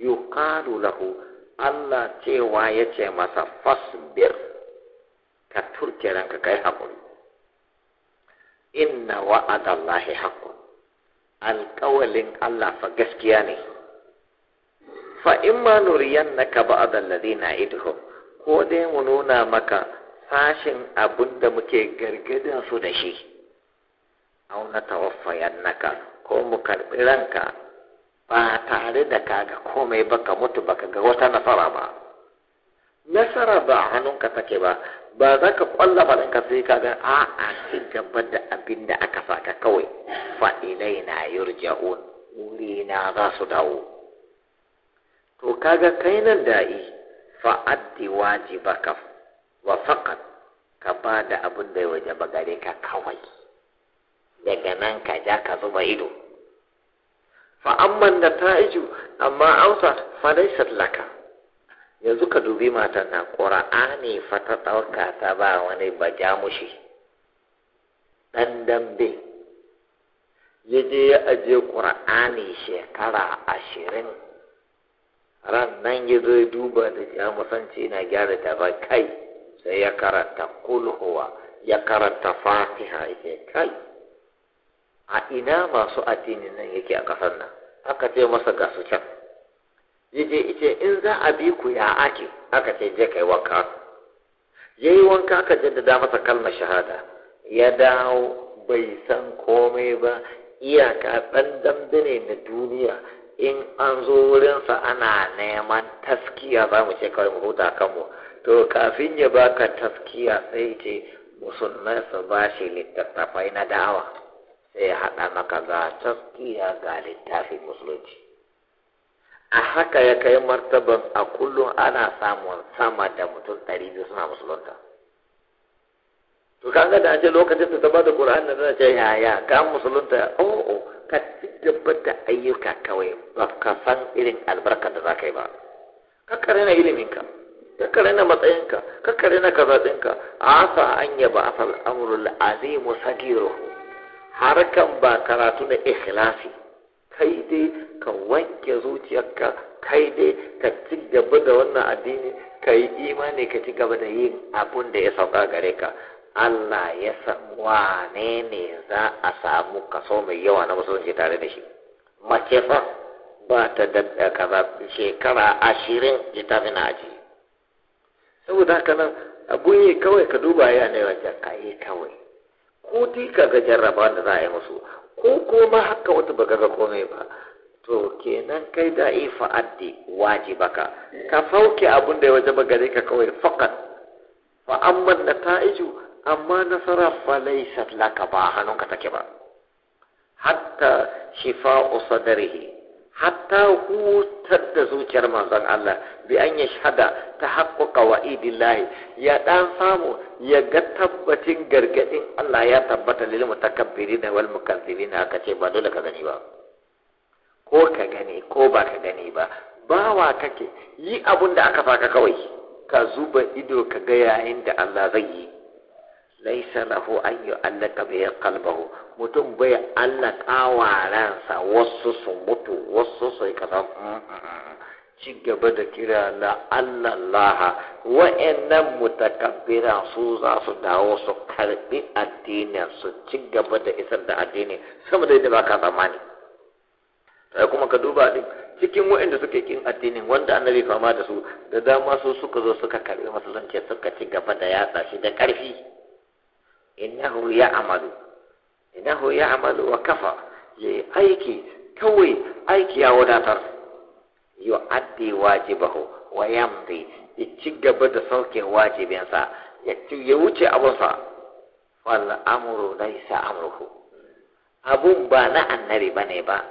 yuqalu lahu Allah cewa ya ce masa fasbir ka turke ranka kai haƙuri inna wa'adallahi haqqun alƙawalin Allah fa gaskiya ne fa imma nuriyannaka ba'd alladhina idhu ko dai mu nuna maka sashin abunda muke gargadin su da shi aw na tawaffayannaka ko mu karbi ranka ba tare da kaga komai baka mutu baka ga wata nasara ba nasara ba hannunka take ba ba za ka kwalla faɗinka sai ka ga a a ci gaba da abin da aka saka kawai fa'ilai na yurja'un wuri na za su dawo to kaga kai nan da'i fa'addi wajibaka wa faƙar ka ba da abin da ya waje gare ka kawai daga nan ka ja ka zuba ido fa'amman da ta iju amma amsa fa laka yanzu ka dubi matan na ƙura'ani ta ɗauka ta ba wani ba jamushi. ɗan dambe ya je ya ajiye ƙura'ani shekara ashirin ran nan ya zo duba da jamusanci na gyara ta ba kai sai ya karanta kulhuwa ya karanta fatiha ya kai a ina masu addinin nan yake a ƙasar nan aka ce masa ga su can yaje ice in za a bi ku ya ake aka ce je kai wanka Ya yi wanka ka jaddada masa kalmar shahada ya dawo bai san komai ba iyaka ɗan dambe ne na duniya in an zo wurinsa ana neman taskiya za mu ce kawai mu huta kanmu to kafin ya baka taskiya sai ce musulmai su ba shi littattafai na dawa sai ya haɗa maka ga taskiya ga littafin musulunci a haka ya kai martaban a kullum ana samun sama da mutum ɗari biyu suna musulunta to ga da ce lokacin da ta bada Qur'an da ce yaya ka musulunta oh oh ka cigaba da ayyuka kawai ba ka san irin albarkar da zaka yi ba ka na iliminka ka karena matsayinka ka karena kazaɗinka a asa an yaba asal amrul azimu sagiru harkan ba karatu na ikhlasi kai dai ka wanke zuciyarka kai dai ka ci gaba da wannan addini ka yi imani ka ci gaba da yin abun da ya sauka gare ka Allah ya san wane ne za a samu kaso mai yawa na musulunci tare da shi mace fa ba ta da kaza shekara ashirin na aji saboda haka nan abun yi kawai ka duba ya ne wajen a kawai ko dika ka ga jarraba da za a yi musu ko kuma haka wata baka ga komai ba to kenan kai da ifa addi wajibaka ka sauke abun da ya wajaba gare ka kawai faqat fa amma nata'iju amma nasara fa laysat laka ba hannunka take ba hatta shifa'u sadrihi hatta hutar da zuciyar manzon Allah bi an ya shahada ta haƙƙoƙa wa idillahi ya ɗan samu ya ga tabbacin gargaɗin Allah ya tabbata lil mutakabbiri da wal mukazzibin haka ce ba dole ka gani ba ko ka gani ko ba ka gani ba bawa kake yi abun da aka faka kawai ka zuba ido ka ga yayin da Allah zai yi ليس له أن يؤلك به kalbahu mutum bai allaka wa ransa wasu su mutu wasu su kaza ci gaba da kira la allallaha wa'annan mutakabbira su za su dawo su karbi addini su ci gaba da isar da addini saboda yadda ba ka tsammani sai kuma ka duba din cikin wa'anda suke kin addinin wanda annabi fama da su da dama su suka zo suka karbi zance suka ci gaba da yatsa shi da karfi innahu ya'malu innahu amalu wa kafa yi aiki kawai aiki ya wadatar addi wajibahu wa yamdi ya ci gaba da sauke wajibinsa ya wuce abunsa wal amru laysa amruhu abun ba na annabi bane ba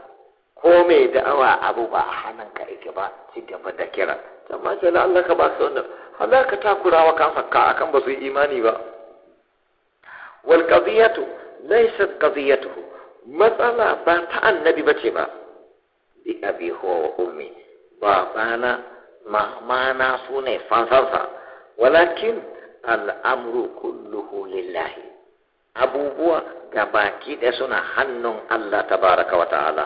ko mai da'awa abu ba a ka yake ba ci gaba da kira amma sai Allah ka ba su wannan halaka takurawa kan sakka akan ba su imani ba walƙaziyatu laisat ƙaziyatu matsala ba ta annabi bace ba bi abi huwa ummi babana mamana su ne fansarsa walakin al'amru kulluhu lillahi abubuwa gabaki da suna hannun Allah tabaraka wa ta'ala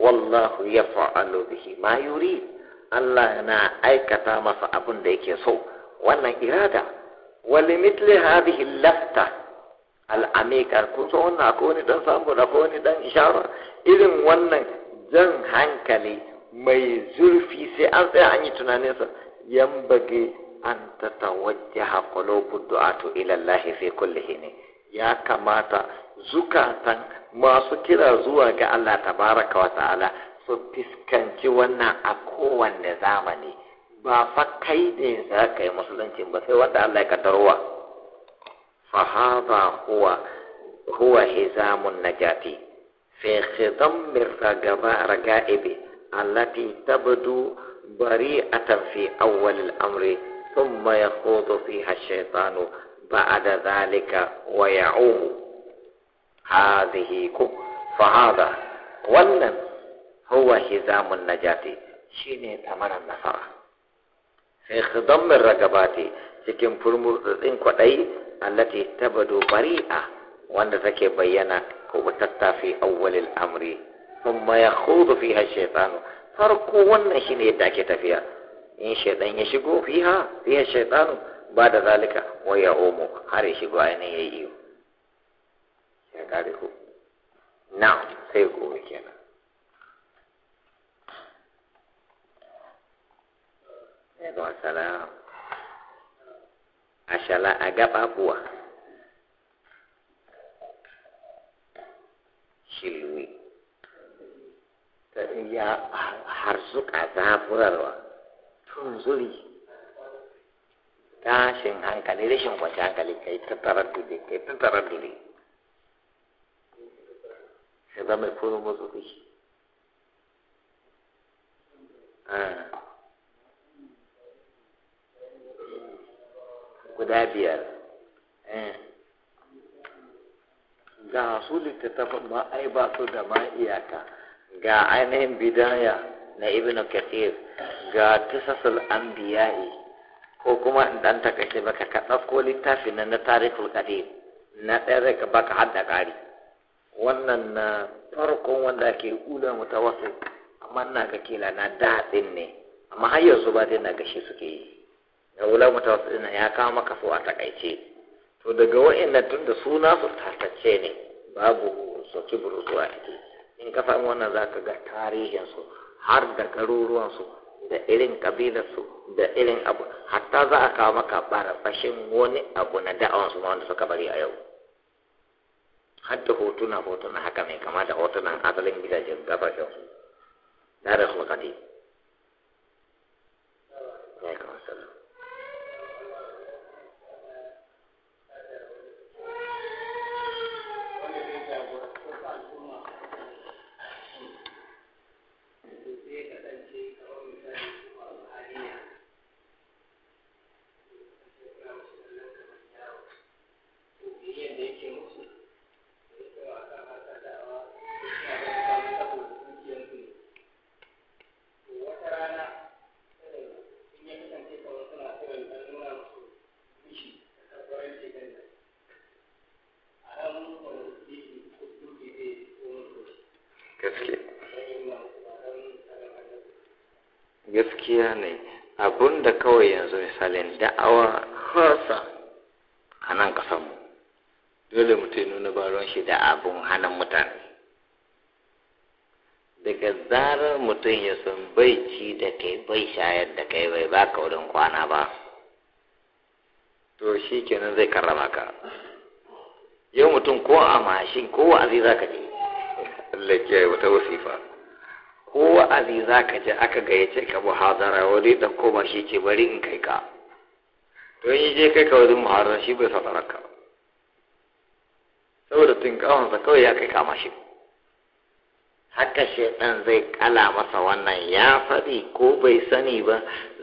wallahu ya fa'alu bihi ma yuri Allah na aikata masa abin da yake so wannan irada wali mitli hadhihi lafta al'amikar kun san wannan ko wani dan samu da ko wani dan isharar irin wannan jan hankali mai zurfi sai an tsaya an yi tunaninsa yan bage an tatawajjaha qulubu du'atu ila Allah fi kulli ya kamata zukatan masu kira zuwa ga Allah tabaraka wa ta'ala su fiskanci wannan a kowanne zamani ba fa kai ne za ka yi musulunci ba sai wanda Allah ya kaddarwa. فهذا هو هو حزام النجاة في خضم الرقائب التي تبدو بريئة في أول الأمر ثم يخوض فيها الشيطان بعد ذلك ويعوم هذه فهذا ولن هو حزام النجاة شيني ثمن النصرة في خضم الرقبات لكن فرمو allati tabadu bari'a wanda take bayyana ko tatta fi awwalil amri thumma yakhudu fiha shaytan farko wannan shine yadda ake tafiya in shaytan ya shigo fiha fiha shaytan ba da zalika wa ya omo har ya shigo ainihin ya yi ya kare ku na sai gobe kenan Assalamu ashala a gaɓaɓuwa shilwi ya harzuka zafurarwa tunzuri tashin hankali rashin kwanci hankali kai ta taraddudi kai ta taraddudi ya zama mai kuma motsa kuki guda biyar eh. ga su littattafan ma ai ba su da ma iyaka ga ainihin bidaya na ibn kathir ga tisasul anbiya'i ko kuma in dan takaice baka ka dauko littafi na na tarihul qadim na dare ka baka hadda kari wannan na farkon wanda ke ula mutawassit amma na ga kila na daɗin ne amma har yanzu ba dai na gashi suke yi ya wula ina ya kawo maka so a takaice to daga wa'annan tun da suna su tatacce ne babu soki burutsu a ciki in ka samu wannan za ka ga tarihinsu har da su da irin kabilarsu da irin abu hatta za a kawo maka barabashin wani abu na da'awansu ma wanda suka bari a yau har da hotuna hotuna haka mai kama da hotunan asalin gidajen gabashinsu da da sulkadi Ya kama misalin da'awa hasa a nan kasanmu. dole mutum nuna baron shi da abin hana mutane daga zarar mutum ya san bai ci da kai bai shayar da kai bai ba ka wurin kwana ba to shi kenan zai karrama ka yau mutum ko a mashin ko zai za ka je [LAUGHS] Allah ya wata wasifa ko wa'azi za ka je aka gayyace ka muhazara wani ɗan koma shi ke bari in kai ka to in je kai ka wani muhazara shi bai fatarar ka saboda tun sa kawai ya kai kama shi haka shaidan zai kala masa wannan ya faɗi ko bai sani ba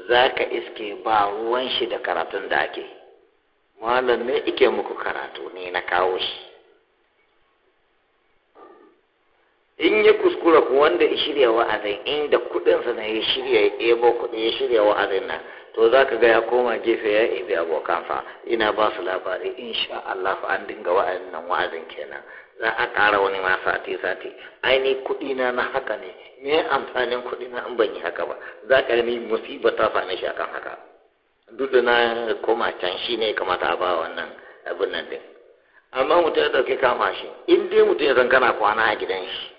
za ka iske ba ruwan shi da karatun da ake malam ne ike muku karatu ne na kawo shi in ya kuskura ku wanda ya shirya wa'azin inda kudinsa na ya shirya ya ɗebo kuɗi ya shirya wa'azin nan to za ka ga ya koma gefe ya abokan abokansa ina ba su labari insha Allah fa an dinga wa'azin nan wa'azin kenan za a ƙara wani ma sati sati aini kudina na haka ne me amfanin kudina an ban yi haka ba za ka ni musiba ta same shi akan haka duk da na koma can shi ne kamata a ba wannan abin nan din amma mutum ya ɗauki kama shi in dai mutum ya zan kana kwana a gidan shi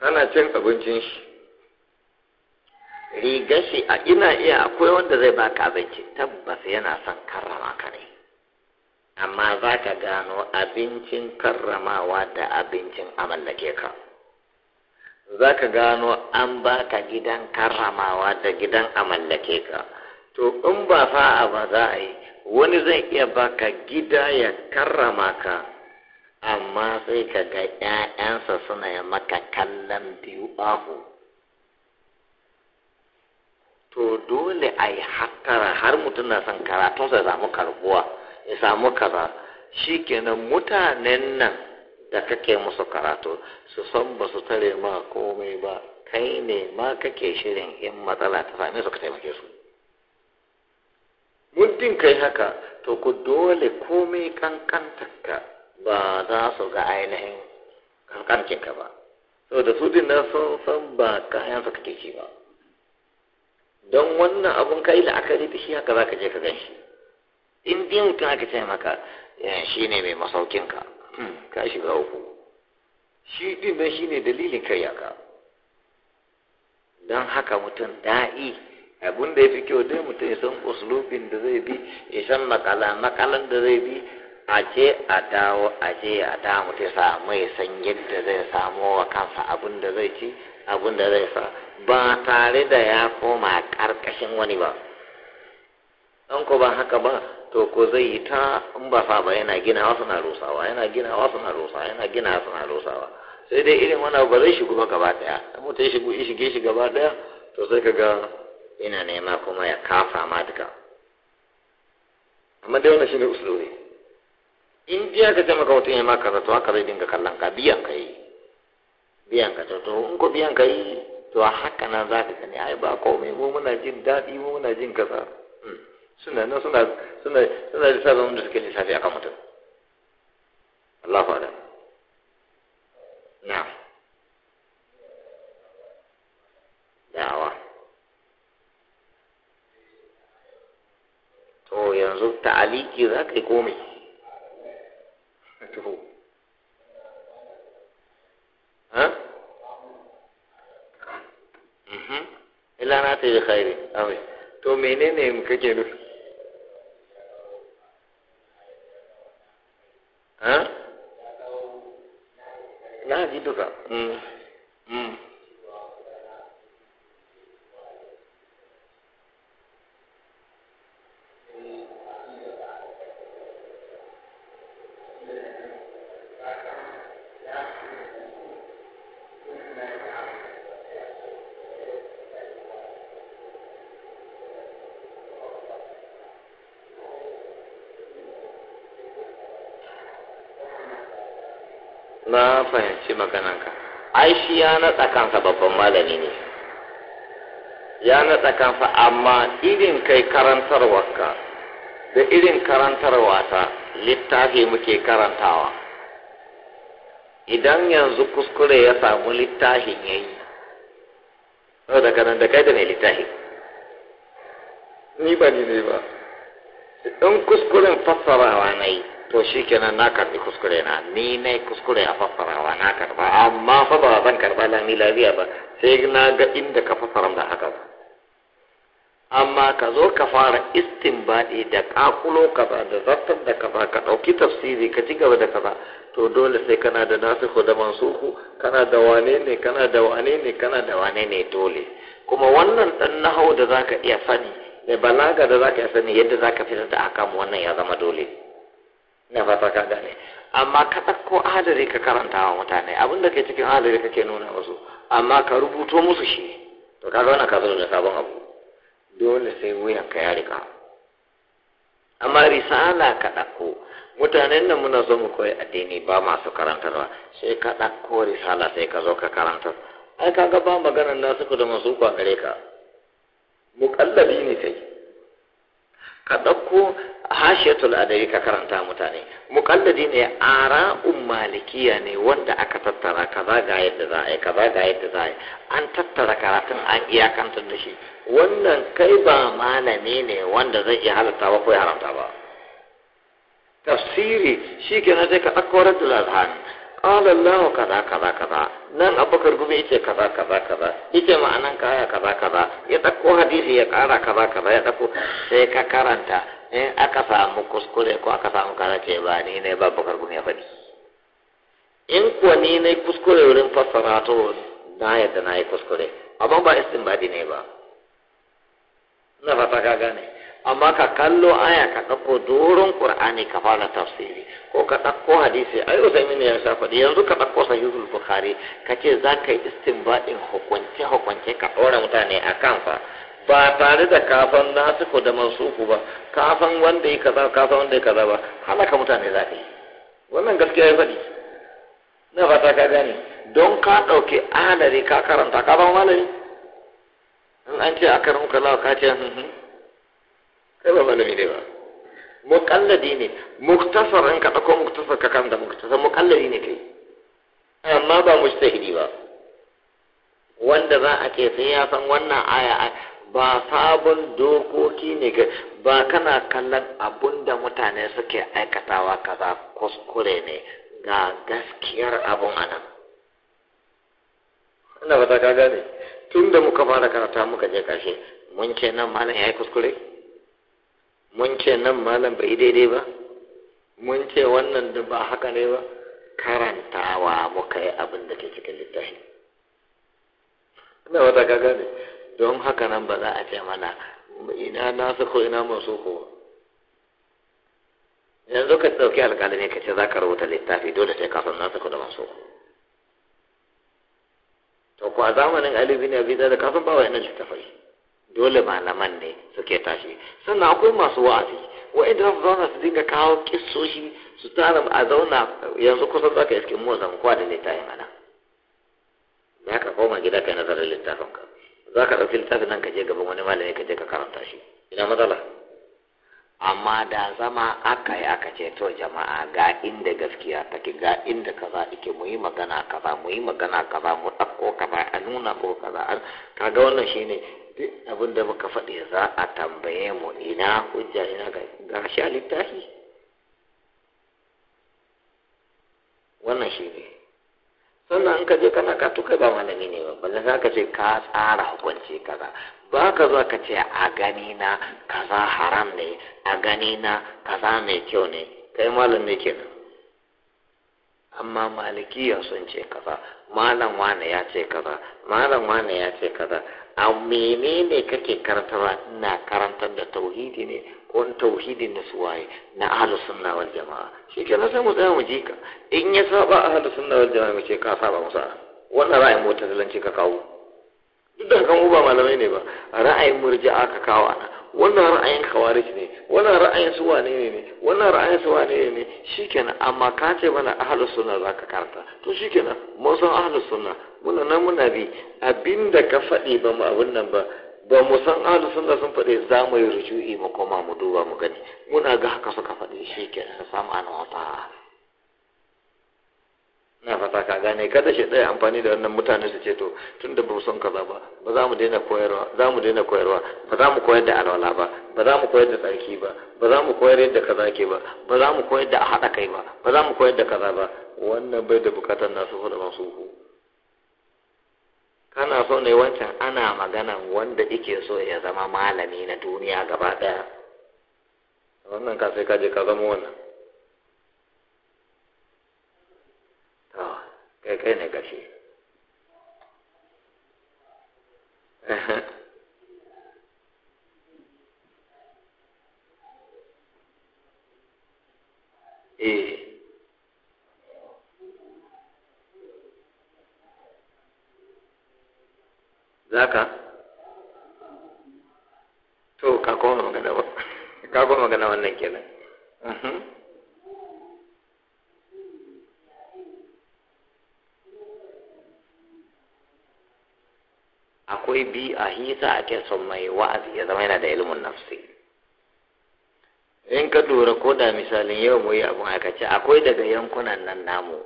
kana cin abincin shi riga shi a ina iya akwai wanda zai baka abinci tabbas yana son karrama ka ne amma za ka gano abincin karramawa da abincin amallake ka za ka gano an baka gidan karramawa da gidan amallake ka to in ba fa'a ba za a yi wani zai iya baka gida ya karrama ka amma sai ka ga ‘ya'yansa suna maka kallon biyu ahu to dole a yi hattara har mutum na son karatunsa ya samu karbuwa ya samu kaza shi kenan mutanen nan da kake musu karatu su san ba su tare ma komai ba kai ne ma kake shirin in matsala ta same su ka taimake su muddin kai haka to ku dole komai kankantarka ba za su ga ainihin kankancinka ba da su din nan sun san ba kayan su kake ci ba don wannan abun kai la'akari da shi haka za ka je ka gan shi in dai mutum aka ce maka eh, shi ne mai masaukinka hmm, ka shiga uku shi din nan shi ne dalilin kai ka. don haka mutum da'i abun da ya fi kyau dai mutum ya san uslubin da zai bi ya san makala makalan da zai bi aje a dawo aje a dawo ta sa mai san yadda zai samo wa kansa abin da zai ci abin da zai sa ba tare da ya koma karkashin wani ba don ba haka ba to ko zai yi ta in ba fa ba yana ginawa suna rusawa yana ginawa suna rusawa yana ginawa suna rusawa sai dai irin wani ba zai shigo ba gaba daya mutum shigo shige shi gaba daya to sai ka ga ina nema kuma ya kafa ma duka amma dai wannan shine usulubi in ka ce maka wata yi ma kaza to haka zai dinga kallon ka biyan ka yi biyan ka to in ko biyan ka yi to haka nan za ka gani ai ba komai mu muna jin daɗi mu muna jin kaza hmm. suna nan suna suna suna sabon da suke lissafi akan mutum Allahu a'lam na dawa to yanzu ta'aliki za ka yi komai taho mhm. illa na ta khairi amin to menene kake nufi na ji duka mm. Mm. ya natsa kansa babban malami ne ya natsa kansa amma irin kai karantarwarka da irin karantarwa ta littafi muke karantawa idan yanzu kuskure ya samu littafin yi. sau daga nan da kai da mai littafi ni ba ni ne ba in kuskuren fassarawa na yi to shi kenan na karbi kuskure na ni ne kuskure a fassarawa na karba amma fa ba zan karba lami lafiya ba sai na ga inda ka fassara da haka ba amma ka zo ka fara istin istinbadi da kakulo kaza da zartar da kaza ka ɗauki tafsiri ka ci gaba da kaza to dole sai kana da nasihu da mansuhu kana da wane ne kana da wane ne kana da wane ne dole kuma wannan ɗan nahau da zaka iya sani da balaga da zaka iya sani yadda zaka fitar da akam wannan ya zama dole na fata ka gane amma ka ɗauko adari ka karanta wa mutane abin da ke cikin adari kake nuna musu amma ka rubuto musu shi to kaga wannan ka zo sabon abu dole sai wuyan ka ya rika amma risala ka ɗauko mutanen nan muna zo mu koyi addini ba masu karantarwa sai ka ɗauko risala sai ka zo ka karanta ai kaga ba maganar na suka da masu kwa gare ka muƙallabi ne kai ka ɗauko hashiyatul adari ka karanta mutane Muƙalladi ne ara malikiya ne wanda aka tattara kaza ga yadda za a yi kaza ga yadda za a yi an tattara karatun an iyakanta da shi wannan kai ba malami ne wanda zai iya halatta ba ko ya haramta ba tafsiri shi na sai ka ɗauko akwarar da kaza kaza kaza nan Abubakar gumi ita kaza kaza kaza ita ma'anan kaya kaza kaza ya ɗauko hadisi ya ƙara kaza kaza ya ɗauko sai ka karanta. in aka samu kuskure ko aka samu kana ce ba ni ne ba bakar ya faɗi in kuwa ni ne kuskure wurin fassara to na yadda na yi kuskure amma ba ba ne ba na fata ka gane amma ka kallo aya ka ɗauko doron ƙur'ani ka fara tafsiri ko ka ɗauko hadisi ai usaimin ya sha faɗi yanzu ka ɗauko sahihul bukhari ka ce za ka yi istinbadin hukunce hukunce ka ɗora mutane a kansa ba tare da kafan nasiku da mansuku ba kafan wanda ya kaza kafan wanda ya kaza ba halaka mutane za ka yi wannan gaskiya ya faɗi na fata ka gane don ka ɗauki adari ka karanta ka ba malami in an ce aka ranka lawa ka ce hmm, hmm, hmm. kai ba malami ne ba muƙalladi ne muktasar in ka ɗauko muktasar ka kan da muktasar muƙalladi ne kai amma ba mu ba wanda za a ce sai ya san wannan aya ba sabon dokoki ne ga ba kana kallon abun da mutane suke aikatawa kaza kuskure ne ga gaskiyar abun anan ina ba ta ka gane tun da muka fara karata muka je kashe mun ce nan malam ya yi kuskure mun ce nan malam bai daidai ba mun ce wannan da ba haka ne ba karantawa muka yi abin da ke cikin littafi ina ba ta ka gane don haka nan ba za a ce mana ina na ko ina masu ko yanzu ka ɗauki alƙalami ka ce za ka rubuta littafi dole sai ka san na ko da masu ko to ko a zamanin Ali bin Abi Talib ka san ba wa'annan littafai dole malaman ne suke tashi sannan akwai masu wa'azi wa'anda da su zauna su dinga kawo kissoshi su tara a zauna yanzu kusan za ka iske mu zan kwa da littafi mana ya ka koma gida kai nazarin littafin ka za ka ɗauki littafin nan ka je gaban wani malami ka je ka karanta shi ina matsala amma da zama aka yi aka ce to jama'a ga inda gaskiya take ga inda kaza ike mu yi magana kaza mu yi magana kaza mu ɗauko kaza a nuna ko kaza ga wannan ne. duk abin da muka faɗi za a tambaye mu ina hujja ina ga sha littafi wannan shi ne. sannan in ka je kana ka kai ba malami ne ba balle za ka ce ka tsara hukunci kaza ba ka zo ka ce a gani na kaza haram ne a gani na kaza mai kyau ne kai malam ne kenan amma malikiya sun ce kaza malam wane ya ce kaza malam wane ya ce kaza a menene kake karantarwa ina karantar da tauhidi ne wani tauhidin na suwaye na ahalus sunna wal jama'a shi ke sai mu tsaya mu ji ka in ya saba ahalus sunna wal jama'a mu ce ka saba musa wannan ra'ayin mutazilanci ka kawo duk da kan ba malamai ne ba ra'ayin murji'a ka kawo ana wannan ra'ayin khawarij ne wannan ra'ayin suwa ne ne wannan ra'ayin suwa ne ne ne shikenan amma ka ce mana ahlus sunna zaka karta. to shikenan mun san ahalus sunna muna nan muna bi abinda ka faɗi ba mu abin nan ba da mu san ahlu sunna sun faɗi za mu yi ruju'i mu koma mu duba mu gani muna ga haka suka faɗi shi ke samu ana wata na fata ka gane kada shi ɗaya amfani da wannan mutane su ce to tun da ba son kaza ba ba za mu daina koyarwa za mu daina koyarwa ba za mu koyar da alwala ba ba za mu koyar da tsarki ba ba za mu koyar yadda kaza ke ba ba za mu koyar da a haɗa kai ba ba za mu koyar da kaza ba wannan bai da bukatar nasu da masu hu kana so ne wancan ana maganan wanda ike so ya zama malami na duniya gaba daya wannan ka sai ka je ka zama wannan kai kai ne gashi [LAUGHS] eh zaka to ka koma magana ka koma magana wannan kenan mhm. akwai bi a hisa ake son mai wa'azi ya zama yana da ilimin nafsi in ka lura ko da misalin yau mu yi abin aikace akwai daga yankunan nan namu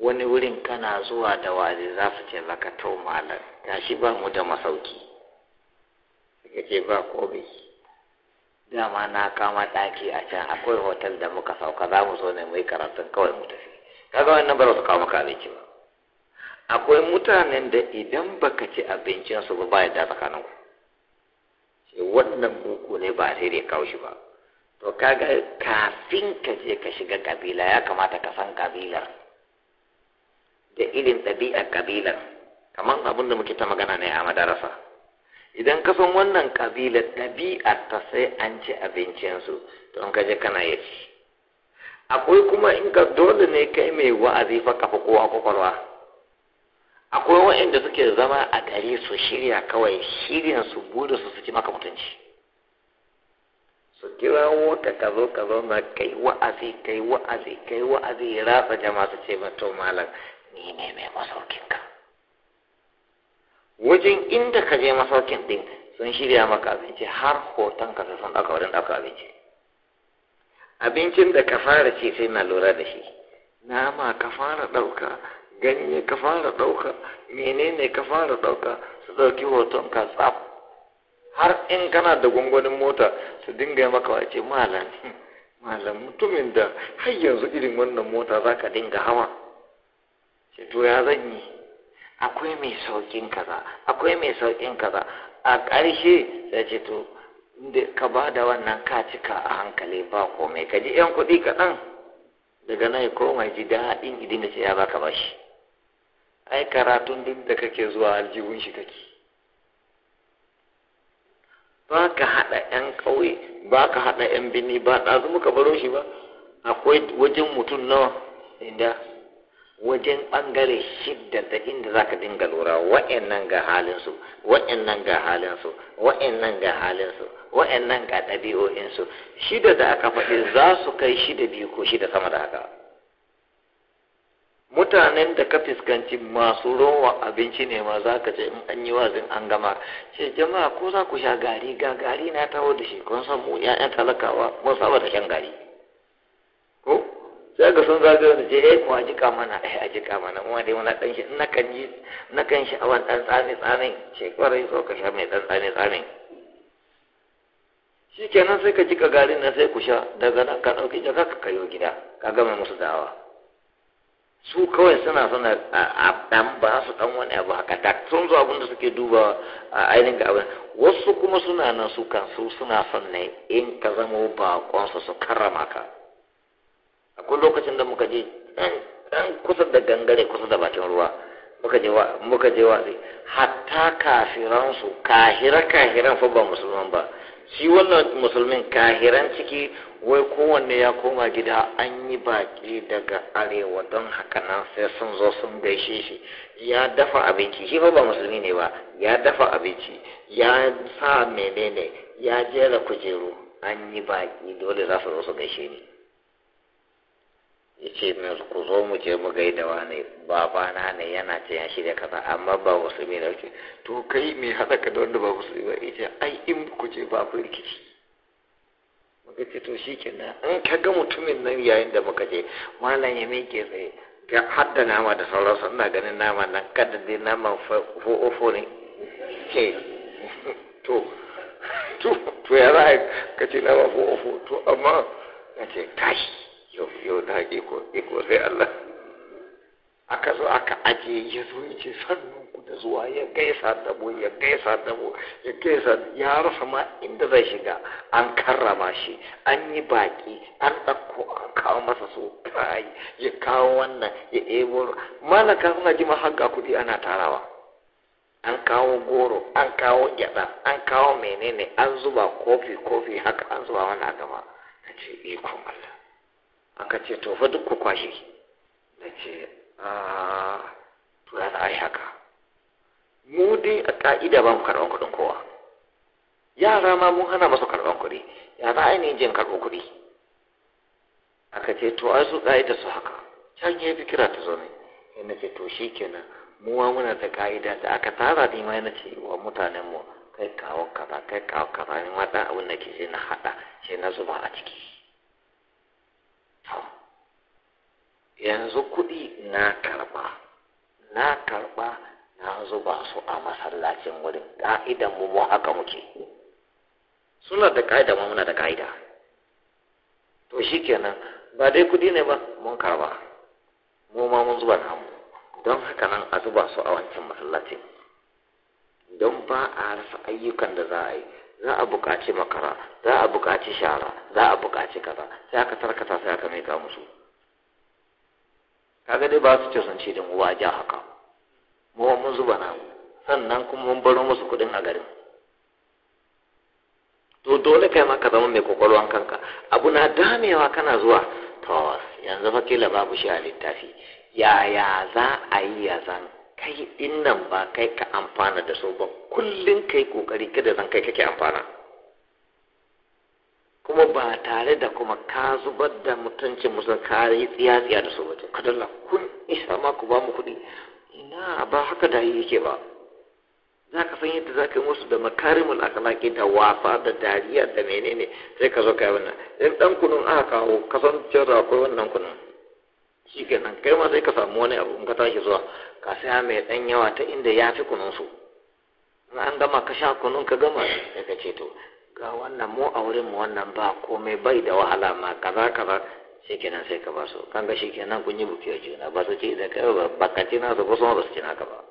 wani wurin kana zuwa da wazi za su ce zaka to malam shi ba mu da masauki suka ce ba kobe dama na kama ɗaki a can akwai hotel da muka sauka za mu zo ne mai karatun kawai mu tafi kaga wannan ba su kawo maka abinci ba akwai mutanen da idan baka ci abincinsu ba ba yadda tsakanin ku wannan buku ne ba sai dai kawo shi ba to kaga kafin ka je ka shiga kabila ya kamata ka san kabilar da irin ɗabi'a ƙabilar kamar abinda muke ta magana ne a madarasa idan ka san wannan ƙabilar ɗabi'a ta sai an ci abincinsu to ka kaje kana ya ci akwai kuma in ka dole ne kai mai wa'azi fa kafa kowa kwakwalwa akwai wa'anda suke zama a gari su shirya kawai shiryan su bude su suke maka mutunci su kirawo ka ka zo ka zo na kai wa'azi kai wa'azi kai wa'azi ya ratsa jama'a su ce mato malam ni ne mai masaukinka wajen inda ka je masaukin din sun shirya maka abinci har hoton ka sun ɗauka wurin ɗauka abinci abincin da ka fara ce sai na lura da shi nama ka fara ɗauka ganye ka fara ɗauka menene ka fara ɗauka su ɗauki hoton ka tsaf har in kana da gwangwanin mota su dinga maka wace malam malam mutumin da har yanzu irin wannan mota za ka dinga hawa to ya zan yi akwai mai saukin kaza akwai mai saukin kaza a ƙarshe sai ce to ka ba da wannan ka cika a hankali ba komai ka ji yan kuɗi kaɗan daga nan ya koma ji daɗin idin da ce ya baka ba shi ai karatun duk da kake zuwa aljihun shi kake ba ka haɗa yan ƙauye ba ka haɗa yan bini ba ɗazu muka baro shi ba akwai wajen mutum nawa inda wajen ɓangare shidda da inda za ka dinga lura wa'annan ga halinsu wa'annan ga halinsu wa'annan ga halinsu wa'annan ga ɗabi'o'insu shida da aka faɗi za su kai shida biyu ko shida sama da haka mutanen da ka fuskanci masu rowa abinci ne ma za ka ce in an yi wazin an gama ce jama'a ko za ku sha gari ga gari na taho da shi kun san mu 'ya'yan talakawa mun saba da shan gari sai ga sun zaɓe da je eh kuma jika mana eh a jika mana kuma dai muna dan shi na kan ji na kan shi awan dan tsani tsami shekarai so ka sha mai dan tsani tsami shikenan sai ka jika garin nan sai ku sha daga nan ka dauki jaka ka kayo gida ka gama musu dawa su kawai suna suna a dan ba su dan wani abu haka ta sun zo abin da suke duba a ainihin abin wasu kuma suna nan su kan su suna son ne in ka zama bakon su su karrama ka akwai lokacin da muka je ɗan kusa da gangare kusa da bakin ruwa muka je watsi, hatta kafiran kahira kahiran fa ba musulman ba shi wannan musulmin kahiran ciki wai kowanne ya koma gida an yi baki daga arewa don haka nan sai sun zo sun gaishe shi ya dafa abinci shi ba musulmi ne ba ya dafa abinci ya sa menene ya jera kujeru an yi baki dole za su zo su gaishe ni ya ce ku zo mu je mu gaida wani babana ne yana ce ya shirya kaza amma ba musulmi da ke. to kai mai haɗa ka da wanda ba musulmi ba ita ai in ku je ba ku rikici muka ce to shi kenan in ka ga mutumin nan yayin da muka je malam ya miƙe tsaye ga hadda nama da sauransu ina ganin nama nan kada dai nama fo'ofo ne ke to to to ya za a ka ce nama fo'ofo to amma ka ce tashi yau na iko iko sai Allah aka zo aka aje ya zo ya ce sannan ku da zuwa ya gaisa da mu ya gaisa da mu ya gaisa ya rasa ma inda zai shiga an karrama shi an yi baki an ɗauko an kawo masa su kai ya kawo wannan ya ebo malaka suna ji mahagga kuɗi ana tarawa an kawo goro an kawo gyaɗa an kawo menene an zuba kofi kofi haka an zuba wani a gaba na ce ikon Allah aka ce to fa duk ku kwashe na ce a to ya za a yi haka mu dai a ka'ida ba mu karɓar kuɗin kowa yara ma mun hana masu karɓar kuɗi ya za a yi jin karɓar kuɗi aka ce to ai su ka'ida su haka can ya fi kira ta zo ne sai na ce to shi kenan mu wa muna da ka'ida da aka tara ni ma na ce wa mutanenmu kai kawo kaza kai kawo kaza ni ma da abin da ke sai na haɗa sai na zuba a ciki yanzu kuɗi na karɓa na karɓa na zuba su a masallacin wurin ƙa'idan mu mu haka muke suna da ƙa'ida ma muna da ƙa'ida to shi kenan ba dai kuɗi ne ba mun karɓa mu ma mun zuba namu don haka nan a zuba su a wancan masallacin don ba a rasa ayyukan da za a yi za a buƙaci makara za a buƙaci shara za a buƙaci kaza sai aka tarkata sai aka mika musu kaga dai ba su ce sun ce din uwa ja haka mu mun zuba na, sannan kuma mun baro musu kuɗin a garin to dole kai ma ka zama mai kwakwalwan kanka abu na damewa kana zuwa to yanzu fa kila babu shi a littafi yaya za a yi ya zan kai dinnan ba kai ka amfana da su ba kullum kai kokari kada zan kai kake amfana kuma ba tare da kuma ka zubar da mutuncin musu kare tsiya tsiya da su ba to kadalla kun isa ma ku ba mu kuɗi ina ba haka da yake ba za ka san yadda za ka yi musu da makarimul akhlaqi da wasa da dariya da menene sai ka zo kai wannan in ɗan kunun aka kawo kasancin san akwai wannan kunun shi kenan kai ma sai ka samu wani abu in ka tashi zuwa ka saya mai dan yawa ta inda ya fi kunun su in an gama ka sha kunun ka gama sai ka ce to ga wannan mu a wurin mu wannan ba komai bai da wahala ma kaza kaza shi kenan sai ka ba su kan ga shi kenan kun yi buki a juna ba su ce idan kai ba ka na nasu ba su ba su ci naka ba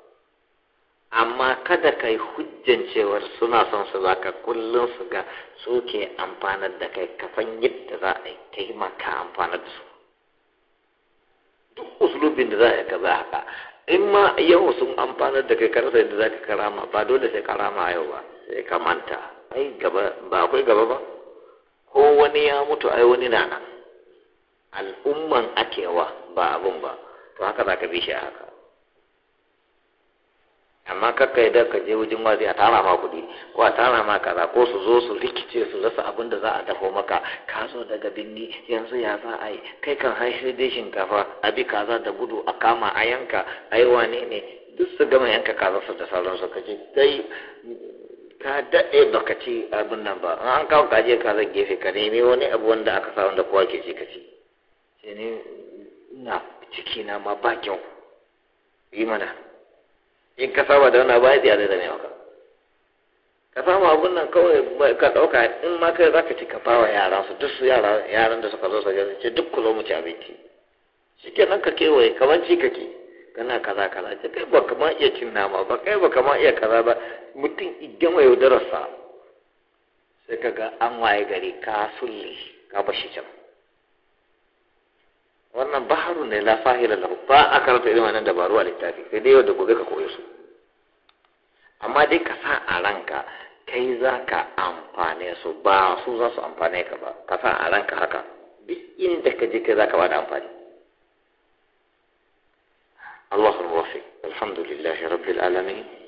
amma kada ka yi hujjan cewar suna son su za ka kullum su ga su ke amfanar da kai kafan yadda za a yi ka yi maka amfanar da su duk usulubin da za a ka za haka in ma yau sun amfanar da kai karasa yadda za ka karama ba dole sai karama a yau ba sai ka manta ai gaba ba akwai gaba ba ko wani ya mutu ai wani na nan al'umman akewa ba abun ba to haka za ka bi shi haka amma kakka ya ka je wajen wazi a tara ma kuɗi ko a tara ma kaza ko su zo su rikice su rasa abin da za a tafo maka ka zo daga birni yanzu ya za a yi kai kan haishe dai shinkafa a bi kaza da gudu a kama a yanka a yi wane ne duk su gama yanka kaza su da sauran su ce dai ka daɗe baka ci abin nan ba an kawo kaje kaza gefe ka nemi wani abu wanda aka sa wanda kowa ke ci ka ci sai ciki na ma ba kyau yi mana in ka saba da wannan baya zai zame maka ka samu abun nan kawai ka ɗauka in ma kai za ka ci ka fawa yaran su duk su yaran da suka zo su gani ce duk ku zo mu ci abinci shi nan ka kewaye kamar ci kake kana kaza kaza ce kai ba kama iya cin nama ba kai ba kama iya kaza ba mutum idan wa yaudararsa sai ka ga an waye gari ka sulle ka bashi can wannan baharu ne la fahila lahu ba a karanta irin wannan dabaru a littafi sai dai yau da gobe ka koyo su amma dai ka sa a ranka kai za ka amfane su ba su za su amfane ka ba ka sa a ranka haka duk inda ka je kai za ka bada amfani Allahu Akbar alhamdulillahi rabbil alamin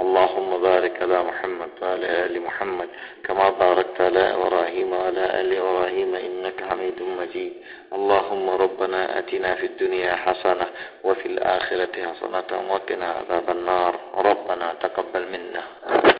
اللهم بارك على محمد وعلى آل محمد كما باركت على إبراهيم وعلى آل إبراهيم إنك حميد مجيد اللهم ربنا أتنا في الدنيا حسنة وفي الآخرة حسنة وقنا عذاب النار ربنا تقبل منا